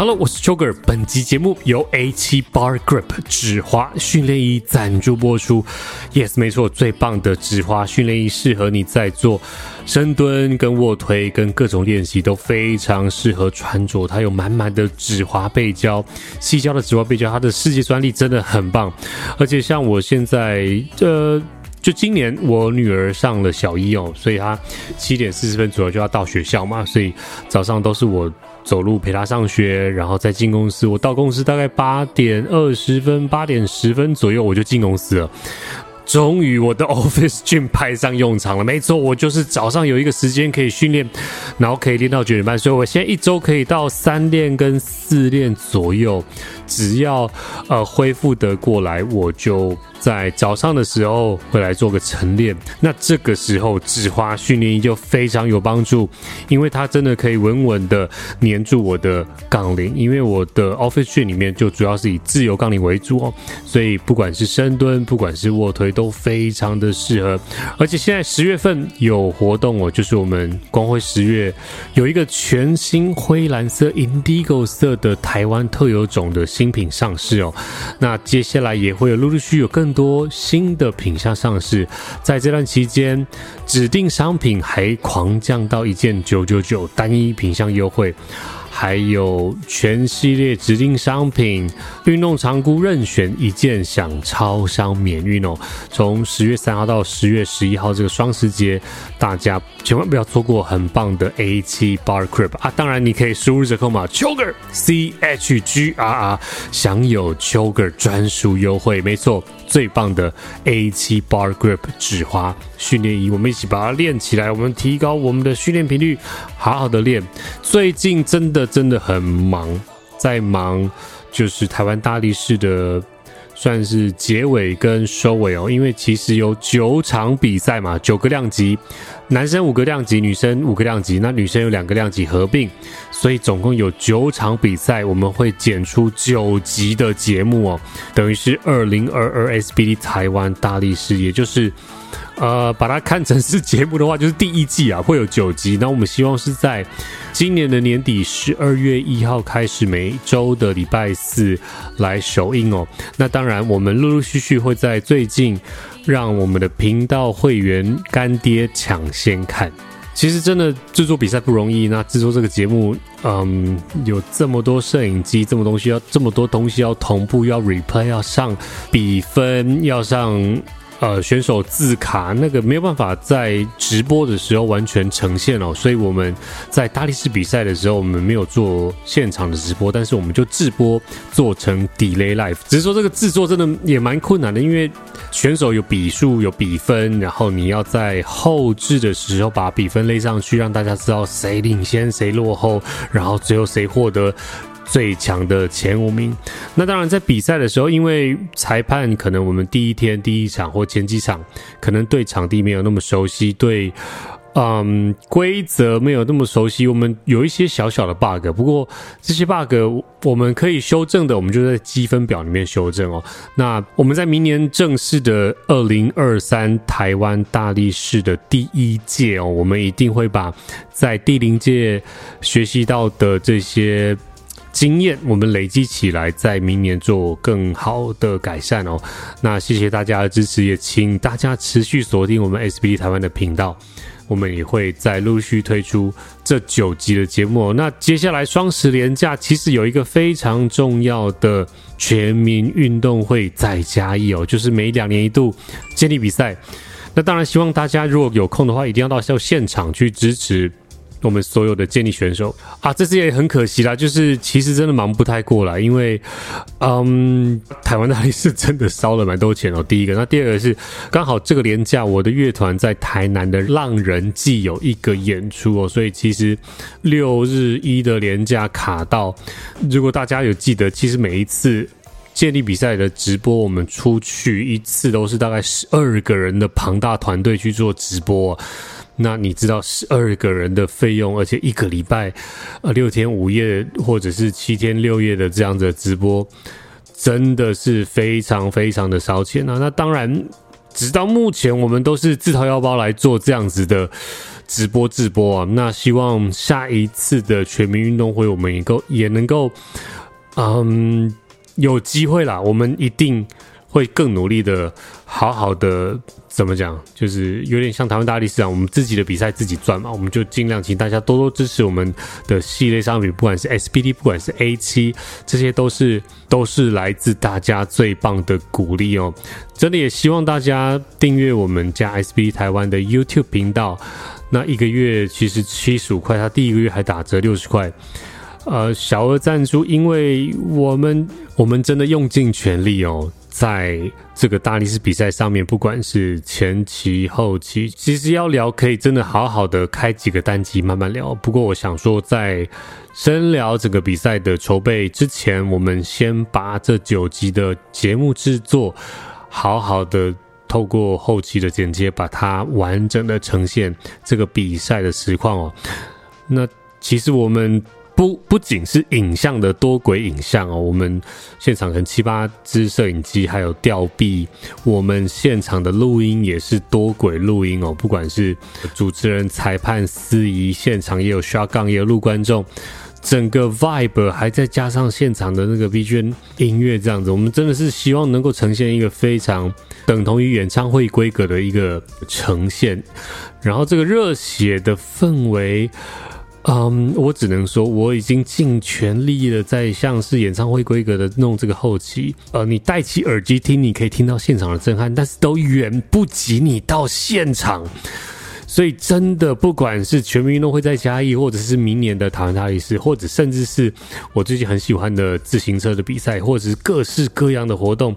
Hello，我是邱個，本集節目由 A7 Bar Grip 止滑訓練衣贊助播出。Yes，沒錯，最棒的止滑訓練衣適合你在做深蹲、跟臥推、跟各種練習都非常適合穿着。它有滿滿的止滑背膠，矽膠的止滑背膠，它的世界專利真的很棒。而且像我現在，呃，就今年我女兒上了小一哦、喔，所以她七點四十分左右就要到學校嘛，所以早上都是我。走路陪他上學，然後再進公司。我到公司大概八點二十分、八點十分左右，我就進公司了。終於我的 Office Gym 派上用場了。沒錯，我就是早上有一個時間可以訓練，然後可以練到九點半。所以我現在一周可以到三練跟四練左右，只要呃恢復得過來，我就在早上的時候會來做個晨練。那這個時候止滑訓練衣就非常有幫助，因為它真的可以穩穩地黏住我的槓鈴。因為我的 Office Gym 裡面就主要是以自由槓鈴為主哦，所以不管是深蹲，不管是臥推。都非常的適合，而且現在十月份有活動哦，就是我們光輝十月有一個全新灰藍色 indigo 色的台灣特有種的新品上市哦，那接下來也會陸陸續續有更多新的品項上市，在這段期間，指定商品還狂降到一件九九九單一品項優惠。還有全系列指定商品，運動長褲任選一件，享超商免運哦。從十月三號到十月十一號這個雙十節，大家千萬不要錯過很棒的 A7 Bar Grip 啊！當然你可以輸入折扣碼邱個 C H G R R，享有邱個專屬優惠。沒錯，最棒的 A7 Bar Grip 止滑訓練衣，我們一起把它練起來，我們提高我們的訓練頻率，好好的練。最近真的。真的很忙，在忙就是台灣大力士的算是結尾跟收尾哦，因為其實有九場比賽嘛，九個量級，男生五個量級，女生五個量級，那女生有兩個量級合併，所以總共有九場比賽，我們會剪出九集的節目哦，等於是二零二二 SBD 台灣大力士，也就是。呃，把它看成是節目的話，就是第一季啊，會有九集。那我們希望是在今年的年底，十二月一號開始，每周的禮拜四來首映哦。那當然，我們陸陸續續會在最近讓我們的頻道會員乾爹搶先看。其實真的制作比賽不容易，那制作這個節目，嗯，有這麼多攝影機，這麼東西要，這麼多東西要同步，要 replay，要上比分，要上。呃，選手字卡那個沒有辦法在直播的時候完全呈現哦。所以我們在大力士比賽的時候，我們沒有做現場的直播，但是我們就自播做成 delay live。只是說這個制作真的也蠻困難的，因為選手有比數有比分，然後你要在後製的時候把比分勒上去，讓大家知道誰領先誰落後，然後最後誰獲得。最強的前五名。那當然，在比賽的時候，因為裁判可能我們第一天第一場或前幾場，可能對場地沒有那麼熟悉，對，嗯，規則沒有那麼熟悉，我們有一些小小的 bug。不過這些 bug 我們可以修正的，我們就在積分表裡面修正哦。那我們在明年正式的二零二三台灣大力士的第一屆哦，我們一定會把在第零屆學習到的這些。經驗我們累積起來，在明年做更好的改善哦。那謝謝大家的支持，也請大家持續鎖定我們 SBD 台灣的頻道。我們也會再陸續推出這九集的節目哦。那接下來雙十連假，其實有一個非常重要的全民運動會再加一哦，就是每兩年一度接力比賽。那當然希望大家如果有空的話，一定要到到現場去支持。我們所有的健力選手啊，這次也很可惜啦，就是其實真的忙不太過來，因為，嗯，台灣那裡是真的燒了蠻多錢哦。第一個，那第二個是剛好這個連假，我的樂團在台南的浪人祭有一個演出哦，所以其實六日一的連假卡到。如果大家有記得，其實每一次健力比賽的直播，我們出去一次都是大概十二個人的龐大團隊去做直播哦。那你知道十二個人的費用，而且一個禮拜，呃，六天五夜，或者是七天六夜的這樣子的直播，真的是非常非常的燒錢啊。那當然，直到目前我們都是自掏腰包來做這樣子的直播直播啊。那希望下一次的全民運動會，我們能夠也能夠，嗯，有機會啦，我們一定。會更努力的，好好的，怎麼講？就是有點像台灣大力士啊，我們自己的比賽自己賺嘛，我們就盡量請大家多多支持我們的系列商品，不管是 SBD，不管是 A7，這些都是都是來自大家最棒的鼓勵哦。真的也希望大家訂閱我們家 SBD 台灣的 YouTube 頻道，那一個月其實七十五塊，他第一個月還打折六十塊。呃，小額贊助，因為我們我們真的用盡全力哦。在這個大力士比賽上面，不管是前期、後期，其實要聊可以真的好好的開幾個單集慢慢聊。不過我想說，在深聊整個比賽的籌備之前，我們先把這九集的節目制作好好的透過後期的剪接，把它完整的呈現這個比賽的實況哦。那其實我們。不不僅是影像的多軌影像哦，我們現場可能七八隻攝影機，還有吊臂。我們現場的錄音也是多軌錄音哦，不管是主持人、裁判、司儀，現場也有刷槓，也有錄觀眾。整個 vibe 還再加上現場的那個 BGM 音樂，這樣子，我們真的是希望能夠呈現一個非常等同於演唱會規格的一個呈現，然後這個熱血的氛圍。嗯，我只能說，我已經盡全力的在像是演唱會規格的弄這個後期。呃，你戴起耳機聽，你可以聽到現場的震撼，但是都遠不及你到現場。所以，真的，不管是全民運動會在嘉義，或者是明年的台灣大力士，或者甚至是我最近很喜歡的自行車的比賽，或者是各式各樣的活動，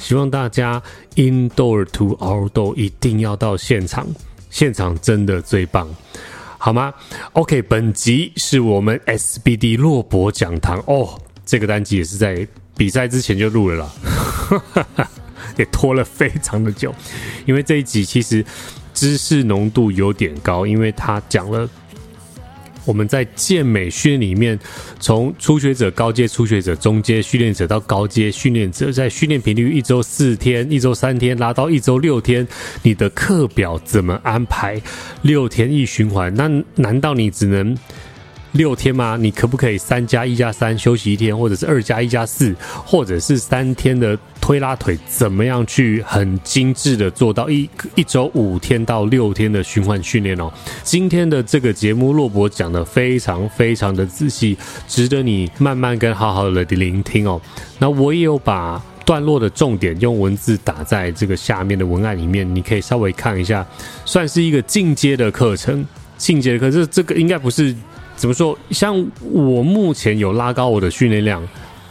希望大家 indoor to outdoor 一定要到現場，現場真的最棒。好嗎？OK，本集是我們 SBD 洛博講堂哦，oh, 這個單集也是在比賽之前就錄了啦， 也拖了非常的久，因為這一集其實知識濃度有點高，因為他講了。我們在健美訓練裡面，從初學者、高階初學者、中階訓練者到高階訓練者，在訓練頻率一周四天、一周三天，拉到一周六天，你的課表怎麼安排？六天一循環，那難道你只能六天嗎？你可不可以三加一加三休息一天，或者是二加一加四，或者是三天的？推拉腿怎麼樣去很精緻的做到一一週五天到六天的循環訓練哦。今天的這個節目，洛博講的非常非常的仔細，值得你慢慢跟好好的聆聽哦。那我也有把段落的重點用文字打在這個下面的文案裡面，你可以稍微看一下，算是一個進階的課程。進階的課程這，這個應該不是怎麼說，像我目前有拉高我的訓練量。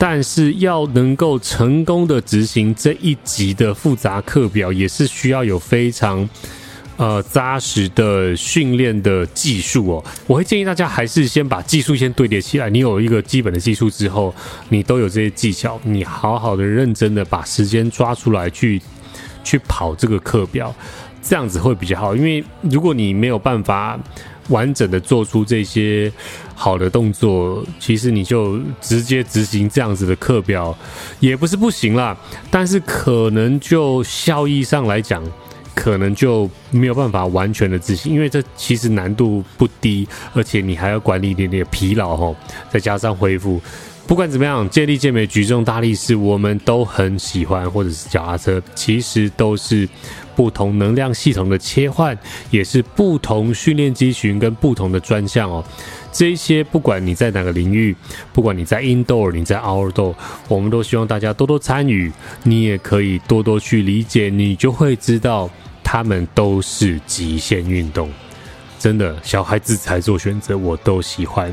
但是要能夠成功的執行這一集的複雜課表，也是需要有非常呃扎實的訓練的技術哦。我會建議大家還是先把技術先堆疊起來。你有一個基本的技術之後，你都有這些技巧，你好好的認真的把時間抓出來去去跑這個課表，這樣子會比較好。因為如果你沒有辦法完整的做出這些。好的動作，其實你就直接執行這樣子的課表，也不是不行啦。但是可能就效益上來講，可能就沒有辦法完全的執行，因為這其實難度不低，而且你還要管理一點點疲勞吼、哦，再加上恢復。不管怎麼樣，健力健美舉重大力士，我們都很喜歡，或者是腳踏車，其實都是。不同能量系統的切換，也是不同訓練肌群跟不同的專項哦。這一些，不管你在哪個領域，不管你在 indoor，你在 outdoor，我們都希望大家多多參與。你也可以多多去理解，你就會知道，他們都是極限運動。真的，小孩子才做選擇，我都喜歡。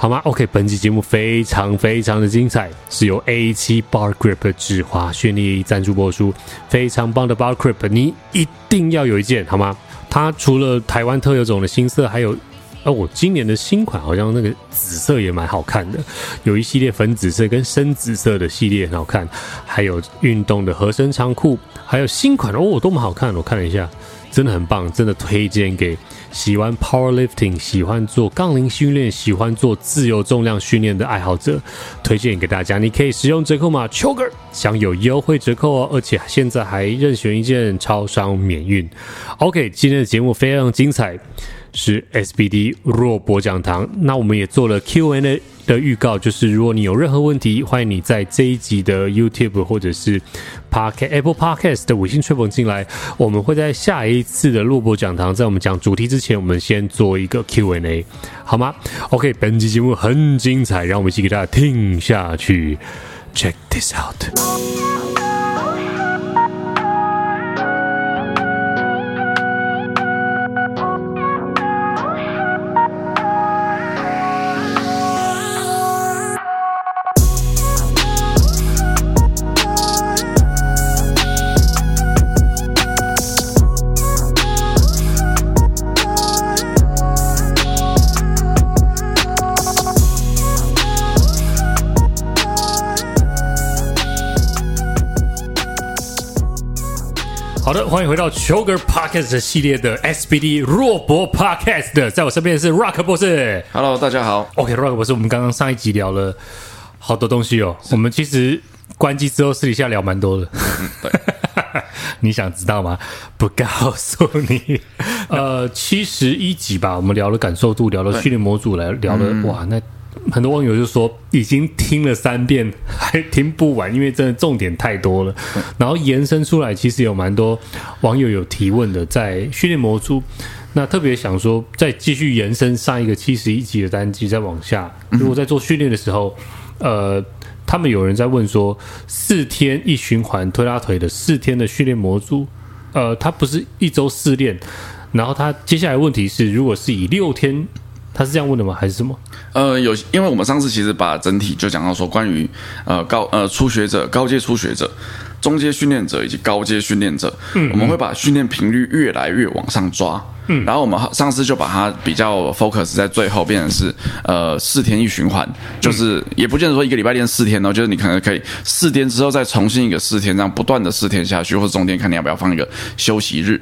好嗎？OK，本期節目非常非常的精彩，是由 A7 Bar Grip 止滑訓練衣贊助播出，非常棒的 Bar Grip，你一定要有一件好嗎？它除了台灣特有種的新色，還有哦，我今年的新款好像那個紫色也蠻好看的，有一系列粉紫色跟深紫色的系列很好看，還有運動的合身長褲，還有新款哦，多麼好看！我看了一下，真的很棒，真的推薦給。喜歡 power lifting，喜歡做槓鈴訓練，喜歡做自由重量訓練的愛好者，推薦給大家，你可以使用折扣碼 CHGRR 享有優惠折扣哦，而且現在還任選一件超商免運。OK，今天的節目非常精彩。是 SBD 洛博講堂，那我們也做了 Q&A 的預告，就是如果你有任何問題，歡迎你在這一集的 YouTube 或者是 Apple Podcast 的微信吹捧進來，我們會在下一次的洛博講堂，在我們講主題之前，我們先做一個 Q&A，好嗎？OK，本期節目很精彩，讓我們一起給大家聽下去，Check this out。歡迎回到邱個 podcast 系列的 SBD 洛博 podcast 的，在我身邊的是 Rock 博士。Hello，大家好。OK，Rock、okay, 博士，我們剛剛上一集聊了好多東西哦。我們其實關機之後私底下聊蠻多的。嗯、 你想知道嗎？不告訴你。呃，七十一集吧，我們聊了感受度，聊了訓練模組，來聊了、嗯，哇，那。很多網友就說已經聽了三遍還聽不完，因為真的重點太多了。然後延伸出來，其實有蠻多網友有提問的，在訓練模組。那特別想說，再繼續延伸上一個七十一集的單集，再往下。如果在做訓練的時候、嗯，呃，他們有人在問說，四天一循環推拉腿的四天的訓練模組，呃，它不是一周四練，然後它接下來問題是，如果是以六天。他是這樣問的嗎？還是什麼？呃，有，因為我們上次其實把整體就講到說關，關於呃高呃初學者、高階初學者。中階訓練者以及高階訓練者，我們會把訓練頻率越來越往上抓。嗯，然後我們上次就把它比較 focus 在最後，變成是呃四天一循環，就是也不見得說一個禮拜練四天哦，就是你可能可以四天之後再重新一個四天，這樣不斷的四天下去，或者中間看你要不要放一個休息日。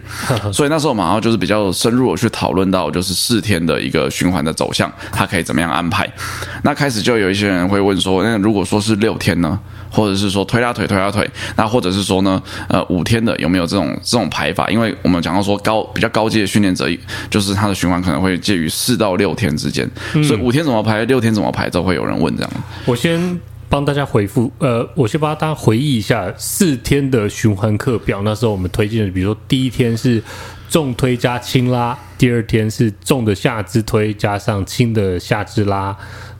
所以那時候我們好像就是比較深入的去討論到就是四天的一個循環的走向，它可以怎麼樣安排。那開始就有一些人會問說，那如果說是六天呢？或者是說推拉腿、推拉腿，那或者是說呢，呃，五天的有沒有這種這種排法？因為我們講到說高比較高階的訓練者，就是他的循環可能會介於四到六天之間，嗯，所以五天怎麼排，六天怎麼排，都會有人問這樣。我先幫大家回復，呃，我先幫大家回憶一下四天的循環課表。那時候我們推薦的，比如說第一天是重推加輕拉，第二天是重的下肢推加上輕的下肢拉。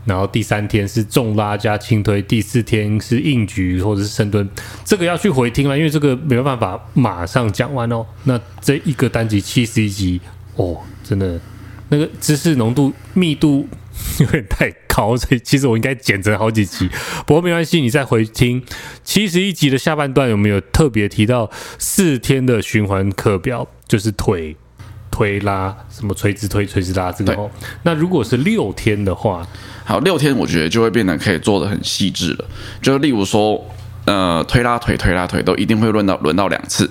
然後第三天是重拉加輕推，第四天是硬舉或者是深蹲，這個要去回聽了，因為這個沒有辦法馬上講完哦。那這一個單集七十一集哦，真的那個知識濃度密度有點太高，所以其實我應該剪成好幾集。不過沒關係，你再回聽七十一集的下半段，有沒有特別提到四天的循環課表？就是腿。推拉什麼垂直推垂直拉，這個，那如果是六天的話，好，六天我覺得就會變得可以做得很細緻了。就例如說，呃，推拉腿推拉腿都一定會輪到輪到兩次。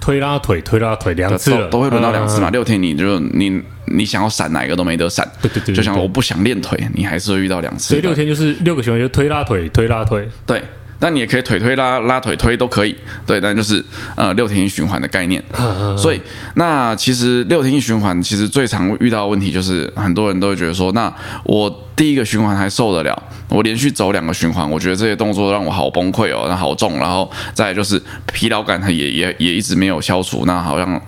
推拉腿推拉腿兩次都，都會輪到兩次嘛、嗯？六天你就你你想要閃哪一個都沒得閃。對對，對,對,對,對，就像我不想練腿，你還是會遇到兩次。所以六天就是六個循環，就是、推拉腿推拉腿，對。那你也可以腿推拉、拉腿推都可以，對，那就是呃六天一循環的概念。 所以那其實六天一循環其實最常遇到的問題就是很多人都會覺得說，那我第一個循環還受得了，我連續走兩個循環，我覺得這些動作讓我好崩潰哦，那好重，然後再來就是疲勞感它也也也一直沒有消除，那好像。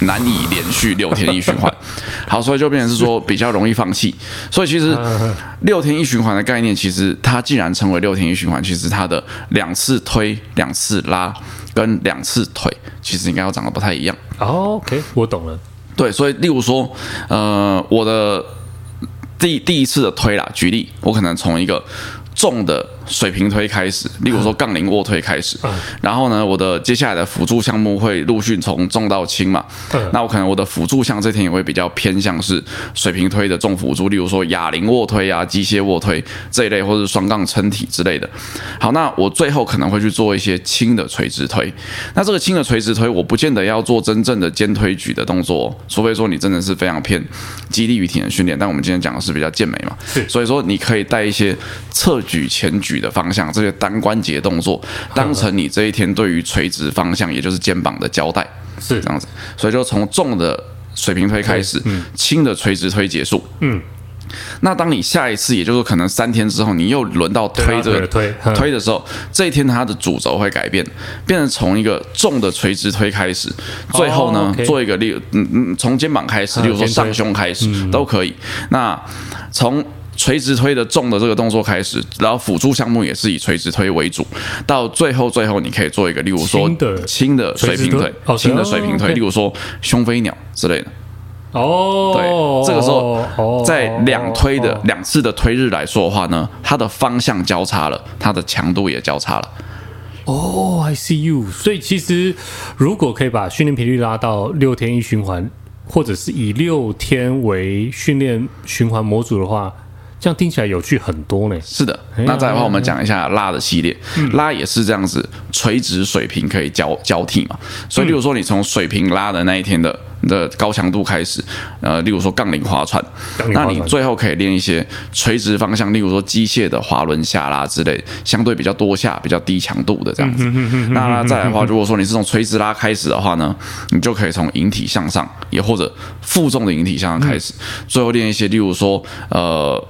難以連續六天一循環， 好，所以就變成是說比較容易放棄。所以其實六天一循環的概念，其實它既然稱為六天一循環，其實它的兩次推、兩次拉跟兩次腿，其實應該要長得不太一樣。OK，我懂了。對，所以例如說，呃，我的第第一次的推拉，舉例，我可能從一個重的。水平推開始，例如說槓鈴臥推開始，嗯，然後呢，我的接下來的輔助項目會陸續從重到輕嘛，嗯。那我可能我的輔助項這天也會比較偏向是水平推的重輔助，例如說啞鈴臥推啊、機械臥推這一類，或是雙槓撐體之類的。好，那我最後可能會去做一些輕的垂直推。那這個輕的垂直推，我不見得要做真正的肩推舉的動作哦，除非說你真的是非常偏肌力與體能訓練。但我們今天講的是比較健美嘛，所以說你可以帶一些側舉、前舉。的方向，這些、個、單關節動作當成你這一天對於垂直方向，也就是肩膀的交代。是這樣子，所以就從重的水平推開始 okay,、嗯，輕的垂直推結束。嗯，那當你下一次，也就是可能三天之後，你又輪到推、啊這個推的推，推的時候，這一天它的主軸會改變，變成從一個重的垂直推開始，最後呢、oh, okay. 做一個力，嗯嗯，從肩膀開始，例如說上胸開始都可、嗯、都可以。那從垂直推的重的這個動作開始，然後輔助項目也是以垂直推為主，到最後最後你可以做一個，例如說輕的水平推，輕的水平推，垂直推，哦，輕的水平推 okay. 例如說胸飛鳥之類的。哦，對，哦、這個時候、哦、在兩推的、哦、兩次的推日來說的話呢，它的方向交叉了，它的強度也交叉了。哦，I see you。所以其實如果可以把訓練頻率拉到六天一循環，或者是以六天為訓練循環模組的話。這樣聽起來有趣很多呢、欸。是的，哎、那再來的話，我們講一下拉的系列、哎，拉也是這樣子，垂直水平可以交交替嘛。嗯、所以，比如說你從水平拉的那一天的。的高強度開始，呃，例如說槓鈴劃，划船，那你最後可以練一些垂直方向，例如說機械的滑輪下拉之類，相對比較多下比較低強度的這樣子。 那再來的話，如果說你是從垂直拉開始的話呢，你就可以從引體向上，也或者負重的引體向上開始，嗯、最後練一些例如說呃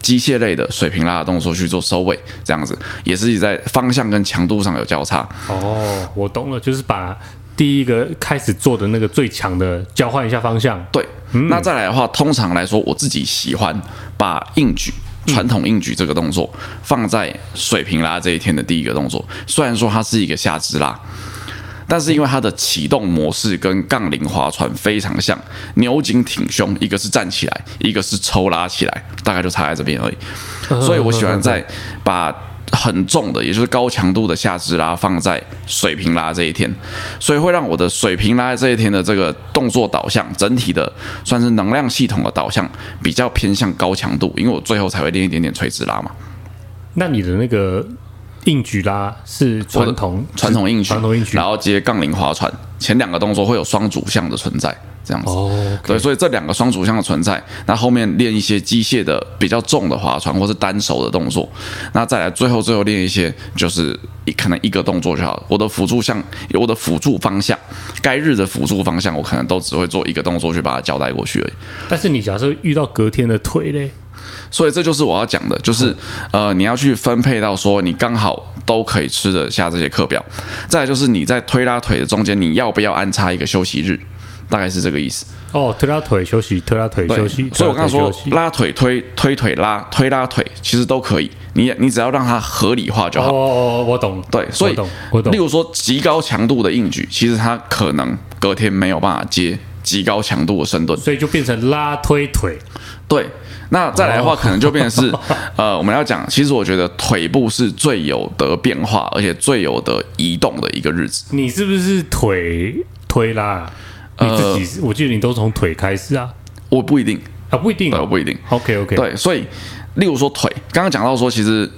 機械類的水平拉的動作去做收尾，這樣子也是在方向跟強度上有交叉。哦，我懂了，就是把。第一個開始做的那個最強的，交換一下方向。對，那再來的話嗯嗯，通常來說，我自己喜歡把硬舉，傳統硬舉這個動作、嗯、放在水平拉這一天的第一個動作。雖然說它是一個下肢拉，但是因為它的啟動模式跟槓鈴划船非常像，牛頸挺胸，一個是站起來，一個是抽拉起來，大概就差在這邊而已嗯嗯嗯嗯嗯嗯。所以我喜歡在把。很重的，也就是高強度的下肢拉放在水平拉這一天，所以會讓我的水平拉這一天的這個動作導向整體的算是能量系統的導向比較偏向高強度，因為我最後才會練一點點垂直拉嘛。那你的那個。硬舉啦是傳統傳統硬舉，然後接槓鈴划船，前兩個動作會有雙主向的存在，這樣子。哦、oh, okay.，對，所以這兩個雙主向的存在，那後面練一些機械的比較重的划船，或是單手的動作，那再來最後最後練一些，就是一可能一個動作就好了。我的輔助項，有我的輔助方向，該日的輔助方向，我可能都只會做一個動作去把它交代過去而已。但是你假設遇到隔天的腿嘞？所以這就是我要講的，就是呃，你要去分配到說你剛好都可以吃得下這些課表。再就是你在推拉腿的中間，你要不要安插一個休息日？大概是這個意思。哦，推拉腿休息，推拉腿休息。所以我剛剛說，拉腿推，推腿拉，推拉腿其實都可以。你你只要讓它合理化就好。哦，哦，哦，我懂。對，所以我懂，我懂。例如說極高強度的硬舉，其實它可能隔天沒有辦法接極高強度的深蹲。所以就變成拉推腿。對，那再來的話，可能就變成是，哦、呃，我們要講，其實我覺得腿部是最有得變化，而且最有得移動的一個日子。你是不是腿推啦？你自己、呃，我記得你都從腿開始啊？我不一定啊，不一定啊、哦，我不一定。OK OK。對，所以，例如說腿，剛剛講到說，其實。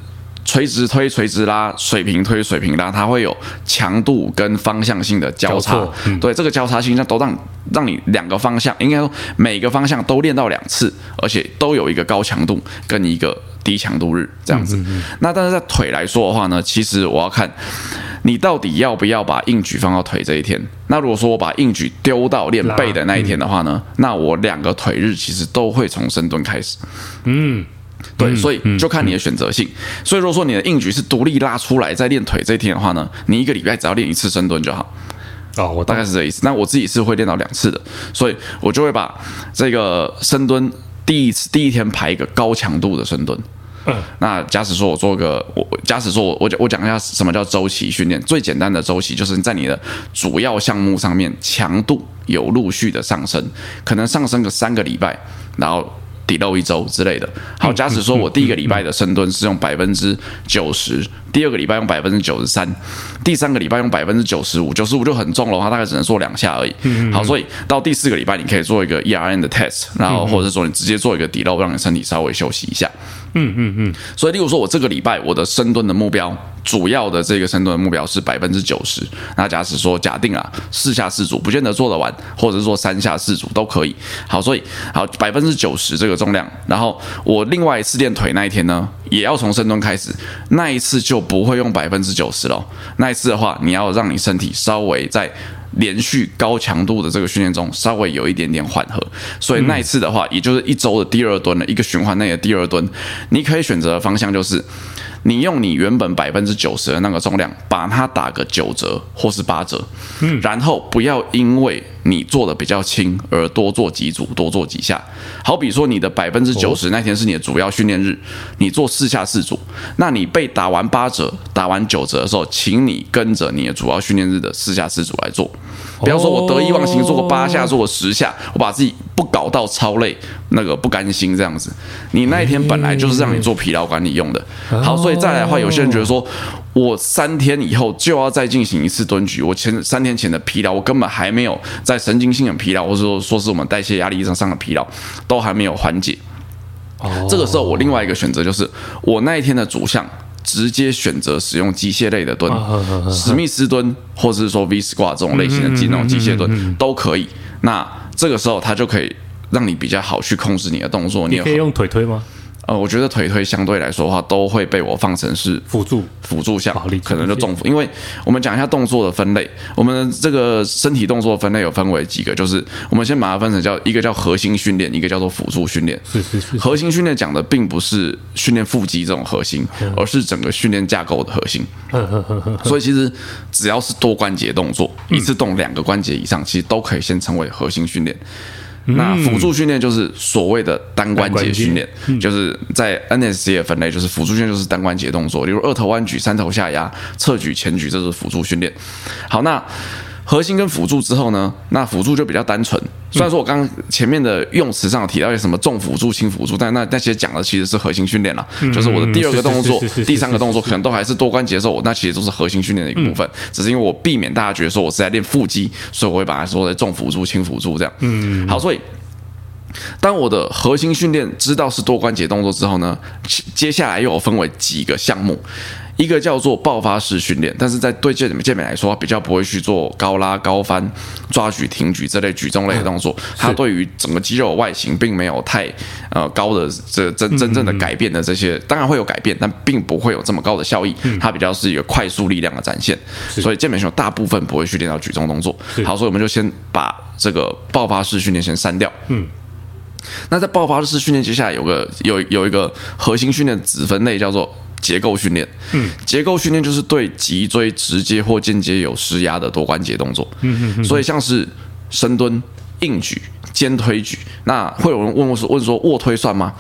垂直推、垂直拉，水平推、水平拉，它會有強度跟方向性的交叉。對，這個交叉性，那都讓讓你兩個方向，應該說每個方向都練到兩次，而且都有一個高強度跟一個低強度日這樣子。那但是在腿來說的話呢，其實我要看你到底要不要把硬舉放到腿這一天。那如果說我把硬舉丟到練背的那一天的話呢，那我兩個腿日其實都會從深蹲開始。嗯。對，所以就看你的選擇性，嗯嗯嗯。所以如果說你的硬舉是獨立拉出來再練腿這一天的話呢，你一個禮拜只要練一次深蹲就好。啊，我大概是這意思。那我自己是會練到兩次的，所以我就會把這個深蹲第一次第一天排一個高強度的深蹲。嗯，那假使說我做個，我假使說我我講一下什麼叫週期訓練。最簡單的周期就是在你的主要項目上面強度有陸續的上升，可能上升個三個禮拜，然後。deload 一週之類的，好，假使說我第一個禮拜的深蹲是用百分之九十，第二個禮拜用百分之九十三，第三個禮拜用百分之九十五，九十五就很重的話，大概只能做兩下而已。好，所以到第四個禮拜，你可以做一個 E R N 的 test，然後或者說你直接做一個 deload，讓你身體稍微休息一下。嗯嗯嗯，所以例如說，我這個禮拜我的深蹲的目標，主要的這個深蹲的目標是百分之九十。那假使說，假定啊，四下四組不見得做得完，或者是說三下四組都可以。好，所以好百分之九十這個重量，然後我另外一次練腿那一天呢，也要從深蹲開始，那一次就不會用百分之九十了。那一次的話，你要讓你身體稍微再。連續高強度的這個訓練中，稍微有一點點緩和，所以那一次的話，也就是一週的第二蹲的一個循環內的第二蹲，你可以選擇的方向就是，你用你原本百分之九十的那個重量，把它打個九折或是八折，然後不要因為。你做的比較輕，而多做幾組，多做幾下。好比說，你的百分之九十那天是你的主要訓練日，你做四下四組。那你被打完八折，打完九折的時候，請你跟着你的主要訓練日的四下四組來做。不要說，我得意忘形，做個八下，做個十下，我把自己不搞到超累，那個不甘心這樣子。你那一天本來就是讓你做疲勞管理用的。好，所以再來的話，有些人覺得說。我三天以後就要再進行一次蹲舉，我前三天前的疲勞，我根本還沒有在神經性的疲勞，或者說說是我們代謝壓力上上的疲勞，都還沒有緩解。哦、oh.，這個時候我另外一個選擇就是，我那一天的主項直接選擇使用機械類的蹲，oh. Oh. Oh. Oh. 史密斯蹲或者是說 V squat 這種類型的機那種、oh. oh. 機械蹲都可以。那這個時候它就可以讓你比較好去控制你的動作。你，可，你可以用腿推嗎？呃，我覺得腿推,推相對來說的話，都會被我放成是輔助輔助項，可能就重輔。因為我們講一下動作的分類，我們這個身體動作的分類有分為幾個，就是我們先把它分成叫一個叫核心訓練，一個叫做輔助訓練。是是是是，核心訓練講的並不是訓練腹肌這種核心，而是整個訓練架構的核心。 所以其實只要是多關節動作，一次動兩個關節以上，其實都可以先稱為核心訓練。那輔助訓練就是所謂的單關節訓練，就是在 NSCA 的分類，就是輔助訓練就是單關節動作，例如二頭彎舉、三頭下壓、側舉、前舉，這是輔助訓練。好，那。核心跟輔助之後呢，那輔助就比較單純。雖然說我剛前面的用詞上提到一些什麼重輔助、輕輔助，但那那些講的其實是核心訓練了，就是我的第二個動作、是是是是是是第三個動作可能都還是多關節動作，那其實都是核心訓練的一個部分。嗯嗯。只是因為我避免大家覺得說我是在練腹肌，所以我會把它說在重輔助、輕輔助這樣。嗯,嗯,嗯，好，所以當我的核心訓練知道是多關節動作之後呢，接下來又有分為幾個項目。一個叫做爆發式訓練，但是在對健美健美來說，比較不會去做高拉、高翻、抓舉、挺舉這類舉重類的動作。它、嗯、對於整個肌肉外形並沒有太呃高的這真真正的改變的這些、嗯嗯，當然會有改變，但並不會有這麼高的效益。它、嗯、比較是一個快速力量的展現，所以健美選手大部分不會去練到舉重動作。好，所以我們就先把這個爆發式訓練先刪掉。嗯，那在爆發式訓練接下來有個有有一個核心訓練子分類叫做。結構訓練。嗯，結構訓練就是對脊椎直接或間接有施壓的多關節動作。嗯哼哼，所以像是深蹲、硬舉。肩推舉，那會有人問我說：“問說臥推算嗎？”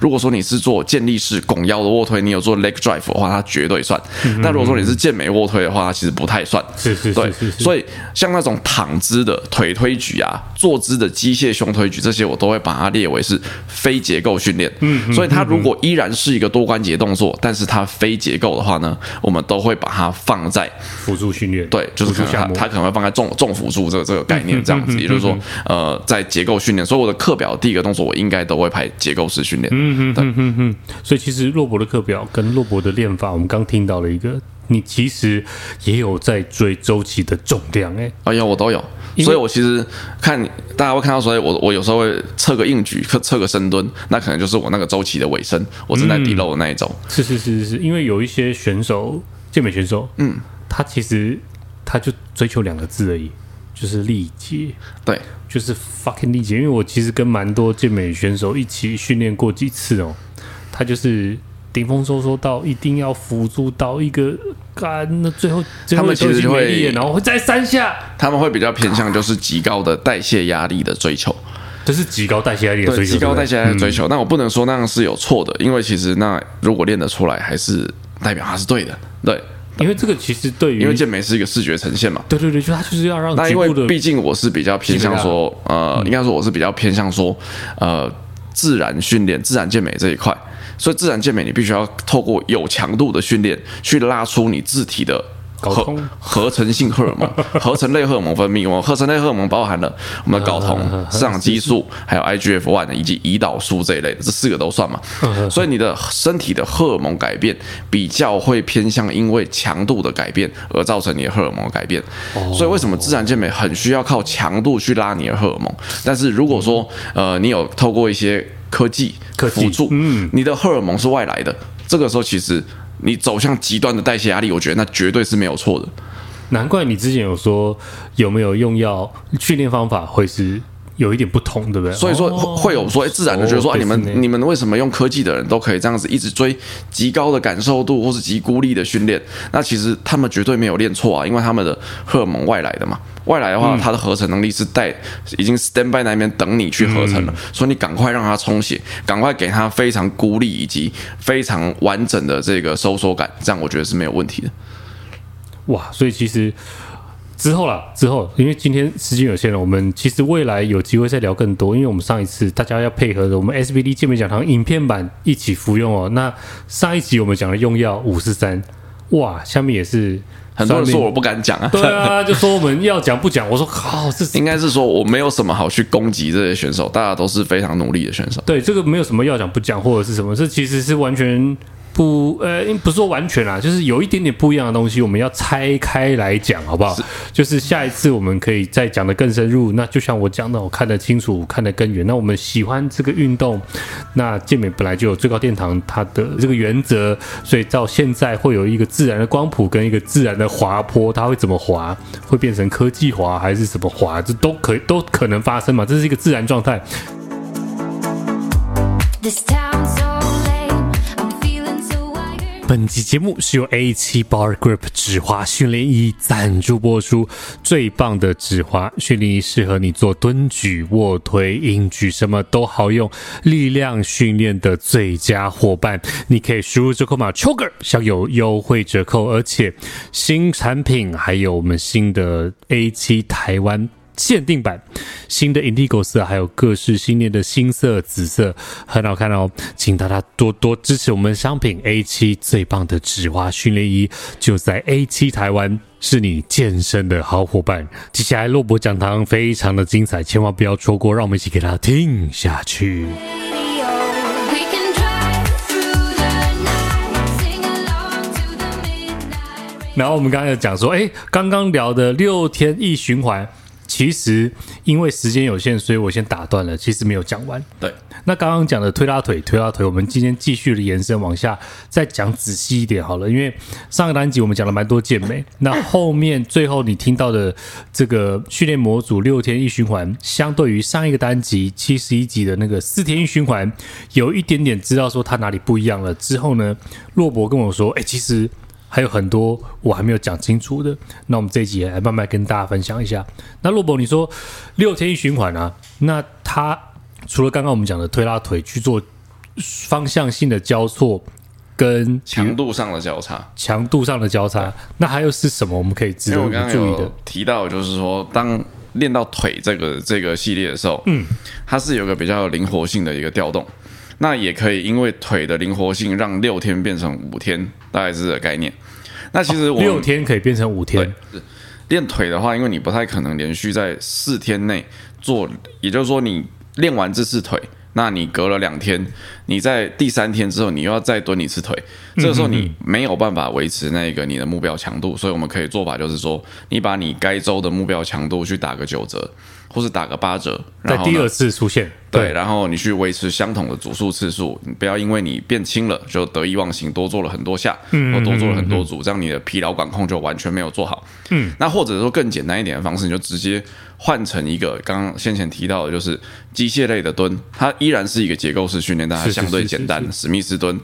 如果說你是做健力式拱腰的臥推，你有做 leg drive 的話，它絕對算。但如果說你是健美臥推的話，它其實不太算。是是是是。對，所以像那種躺姿的腿推舉啊，坐姿的機械胸推舉，這些我都會把它列為是非結構訓練。嗯，嗯，嗯，所以它如果依然是一個多關節動作，但是它非結構的話呢，我們都會把它放在輔助訓練。對，就是可能它，它可能會放在重重輔助這個這個概念這樣子。也就是說，呃，在結構訓練，所以我的課表的第一個動作我應該都會排結構式訓練。嗯嗯嗯嗯嗯。所以其實洛博的課表跟洛博的練法，我們剛聽到了一個，你其實也有在追周期的重量哎、欸。哎呀，我都有。所以我其實看大家會看到說，我我有時候會測個硬舉，測個深蹲，那可能就是我那個周期的尾聲，我正在 deload 那一種。是、嗯、是是是是，因為有一些選手健美選手，嗯，他其實他就追求兩個字而已。就是力竭，對，就是 fucking 力竭。因為我其實跟蠻多健美選手一起訓練過幾次哦，他就是頂峰收縮到一定要輔助到一個，幹、啊、那最後，最後，他們其實會，然後會再三下，他們會比較偏向就是極高的代謝壓力的追求，啊、這是極高代謝壓力的追求，對，極高代謝壓力的追求。但、嗯、我不能說那樣是有錯的，因為其實那如果練得出來，還是代表他是對的，對。因為這個其實對於，因為健美是一個視覺呈現嘛，對對對，就它就是要讓。那因為畢竟我是比較偏向說，呃，應該說我是比較偏向說，呃，自然訓練、自然健美這一塊，所以自然健美你必須要透過有強度的訓練去拉出你自體的。合成性荷爾蒙，合成類荷爾蒙分泌。 我們合成類荷爾蒙包含了我們的睾酮、生 長激素，還有 IGF One，以及胰島素這一類。這四個都算嘛？ 所以你的身體的荷爾蒙改變，比較會偏向因為強度的改變而造成你的荷爾蒙的改變，哦。所以為什麼自然健美很需要靠強度去拉你的荷爾蒙？但是如果說呃，你有透過一些科技輔助，嗯，你的荷爾蒙是外來的，這個時候其實。你走向極端的代謝壓力，我覺得那絕對是沒有錯的。難怪你之前有說有沒有用藥、訓練方法會是。有一點不同，對不對？所以說，會會有說自然的，就是說你們你們為什麼用科技的人都可以這樣子一直追極高的感受度，或是極孤立的訓練？那其實他們絕對沒有練錯啊，因為他們的荷爾蒙外來的嘛。外來的話，它的合成能力是帶已經 stand by 那邊等你去合成了，所以你趕快讓它充血，趕快給它非常孤立以及非常完整的這個收縮感，這樣我覺得是沒有問題的。哇，所以其實。之後了，之後，因為今天時間有限了，我們其實未來有機會再聊更多，因為我們上一次大家要配合的我們 SBD 健美講堂影片版一起服用哦。那上一集我們講的用藥五四三，哇，下面也是很多人說我不敢講啊，對啊，就說我們要講不講， 我說好、哦、是應該是說我沒有什麼好去攻擊這些選手，大家都是非常努力的選手。對，這個沒有什麼要講不講或者是什麼，這其實是完全。不，呃，因為不是說完全啊，就是有一點點不一樣的東西，我們要拆開來講，好不好？是就是下一次我們可以再講得更深入。那就像我講的，我看得清楚，看得更遠。那我們喜歡這個運動，那健美本來就有最高殿堂，它的這個原則，所以到現在會有一個自然的光譜跟一個自然的滑坡，它會怎麼滑，會變成科技滑還是什麼滑，這都可以都可能發生嘛？這是一個自然狀態。This 本集節目是由 A7 Bargrip 止滑訓練衣贊助播出，最棒的止滑訓練衣，適合你做蹲舉、臥推、硬舉，什麼都好用，力量訓練的最佳伙伴。你可以輸入折扣碼 CHGRR 享有優惠折扣，而且新產品還有我們新的 A7 台灣。限定版，新的 Indigo 色，還有各式新年的新色、紫色，很好看哦，請大家多多支持我們商品 A 七最棒的止滑訓練衣，就在 A 七台灣，是你健身的好伙伴。接下來洛博講堂非常的精彩，千萬不要錯過，讓我們一起給它聽下去。Radio, night, midnight, 然後我們剛才講說，誒，剛剛聊的六天一循環。其實，因為時間有限，所以我先打斷了。其實沒有講完。對，那剛剛講的推拉腿，推拉腿，我們今天繼續的延伸往下再講仔細一點好了。因為上個單集我們講了蠻多健美，那後面最後你聽到的這個訓練模組六天一循環，相對於上一個單集七十一集的那個四天一循環，有一點點知道說它哪裡不一樣了。之後呢，洛博跟我說，哎、欸，其實。還有很多我還沒有講清楚的，那我們這一集也來慢慢跟大家分享一下。那洛博，你說六天一循環啊？那它除了剛剛我們講的推拉腿去做方向性的交錯跟強度上的交叉，強度上的交叉，那還有是什麼我們可以值得注意的？我剛剛提到就是說，當練到腿這個這個系列的時候，嗯，它是有個比較靈活性的一個調動。那也可以，因為腿的靈活性，讓六天變成五天，大概是這個概念。那其實我們，哦，六天可以變成五天。對，練腿的話，因為你不太可能連續在四天內做，也就是說，你練完這次腿，那你隔了兩天，你在第三天之後，你又要再蹲一次腿，這個時候你沒有辦法維持那個你的目標強度，所以我們可以做法就是說，你把你該週的目標強度去打個九折，或是打個八折，然後在第二次出現，對，對，然後你去維持相同的組數次數，你不要因為你變輕了就得意忘形，多做了很多下，或多做了很多組，嗯嗯嗯，這樣你的疲勞管控，就完全沒有做好。嗯，那或者說更簡單一點的方式，你就直接換成一個剛剛先前提到的，就是機械類的蹲，它依然是一個結構式訓練，但它相對簡單，是是是是是，史密斯蹲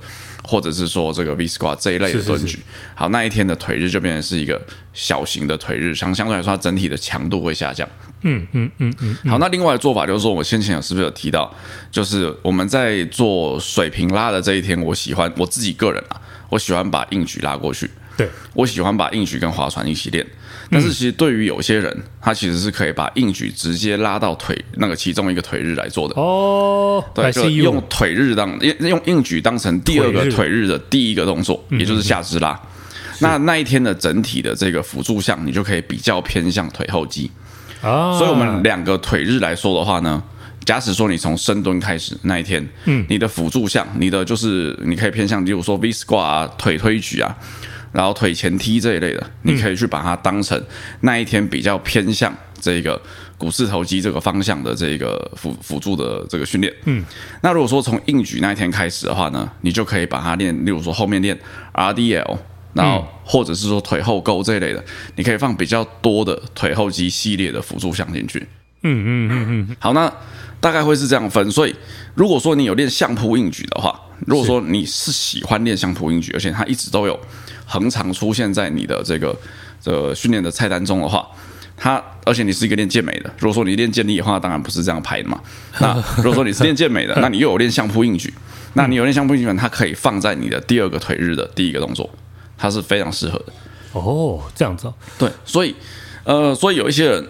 或者是說這個 V squat 這一類的蹲舉。好，那一天的腿日就變成是一個小型的腿日，相相對來說，它整體的強度會下降。嗯嗯嗯嗯，好，那另外的做法就是說，我先前有是不是有提到，就是我們在做水平拉的這一天，我喜歡我自己個人啊，我喜歡把硬舉拉過去，對，我喜歡把硬舉跟划船一起練。但是其實對於有些人，他其實是可以把硬舉直接拉到腿那個其中一個腿日來做的哦，對，用腿日當用用硬舉當成第二個腿日的第一個動作，也就是下肢拉。那那一天的整體的這個輔助項，你就可以比較偏向腿後肌。Oh. 所以，我們兩個腿日來說的話呢，假使說你從深蹲開始那一天，嗯、你的輔助項，你的就是你可以偏向，例如說 V squat 啊，腿推舉啊，然後腿前踢這一類的，嗯、你可以去把它當成那一天比較偏向這個股四頭肌這個方向的這個輔輔助的這個訓練，嗯。那如果說從硬舉那一天開始的話呢，你就可以把它練，例如說後面練 RDL。然後，或者是說腿後勾這一類的，你可以放比較多的腿後肌系列的輔助項進去。嗯嗯嗯嗯。好，那大概會是這樣分。所以，如果說你有練相撲硬舉的話，如果說你是喜歡練相撲硬舉，而且它一直都有恆常出現在你的這個呃訓練的菜單中的話，它，而且你是一個練健美的。如果說你練健力的話，當然不是這樣排的嘛。那如果說你是練健美的，那你又有練相撲硬舉，那你有練相撲硬舉，它可以放在你的第二個腿日的第一個動作。它是非常適合的哦，這樣子、哦、對，所以呃，所以有一些人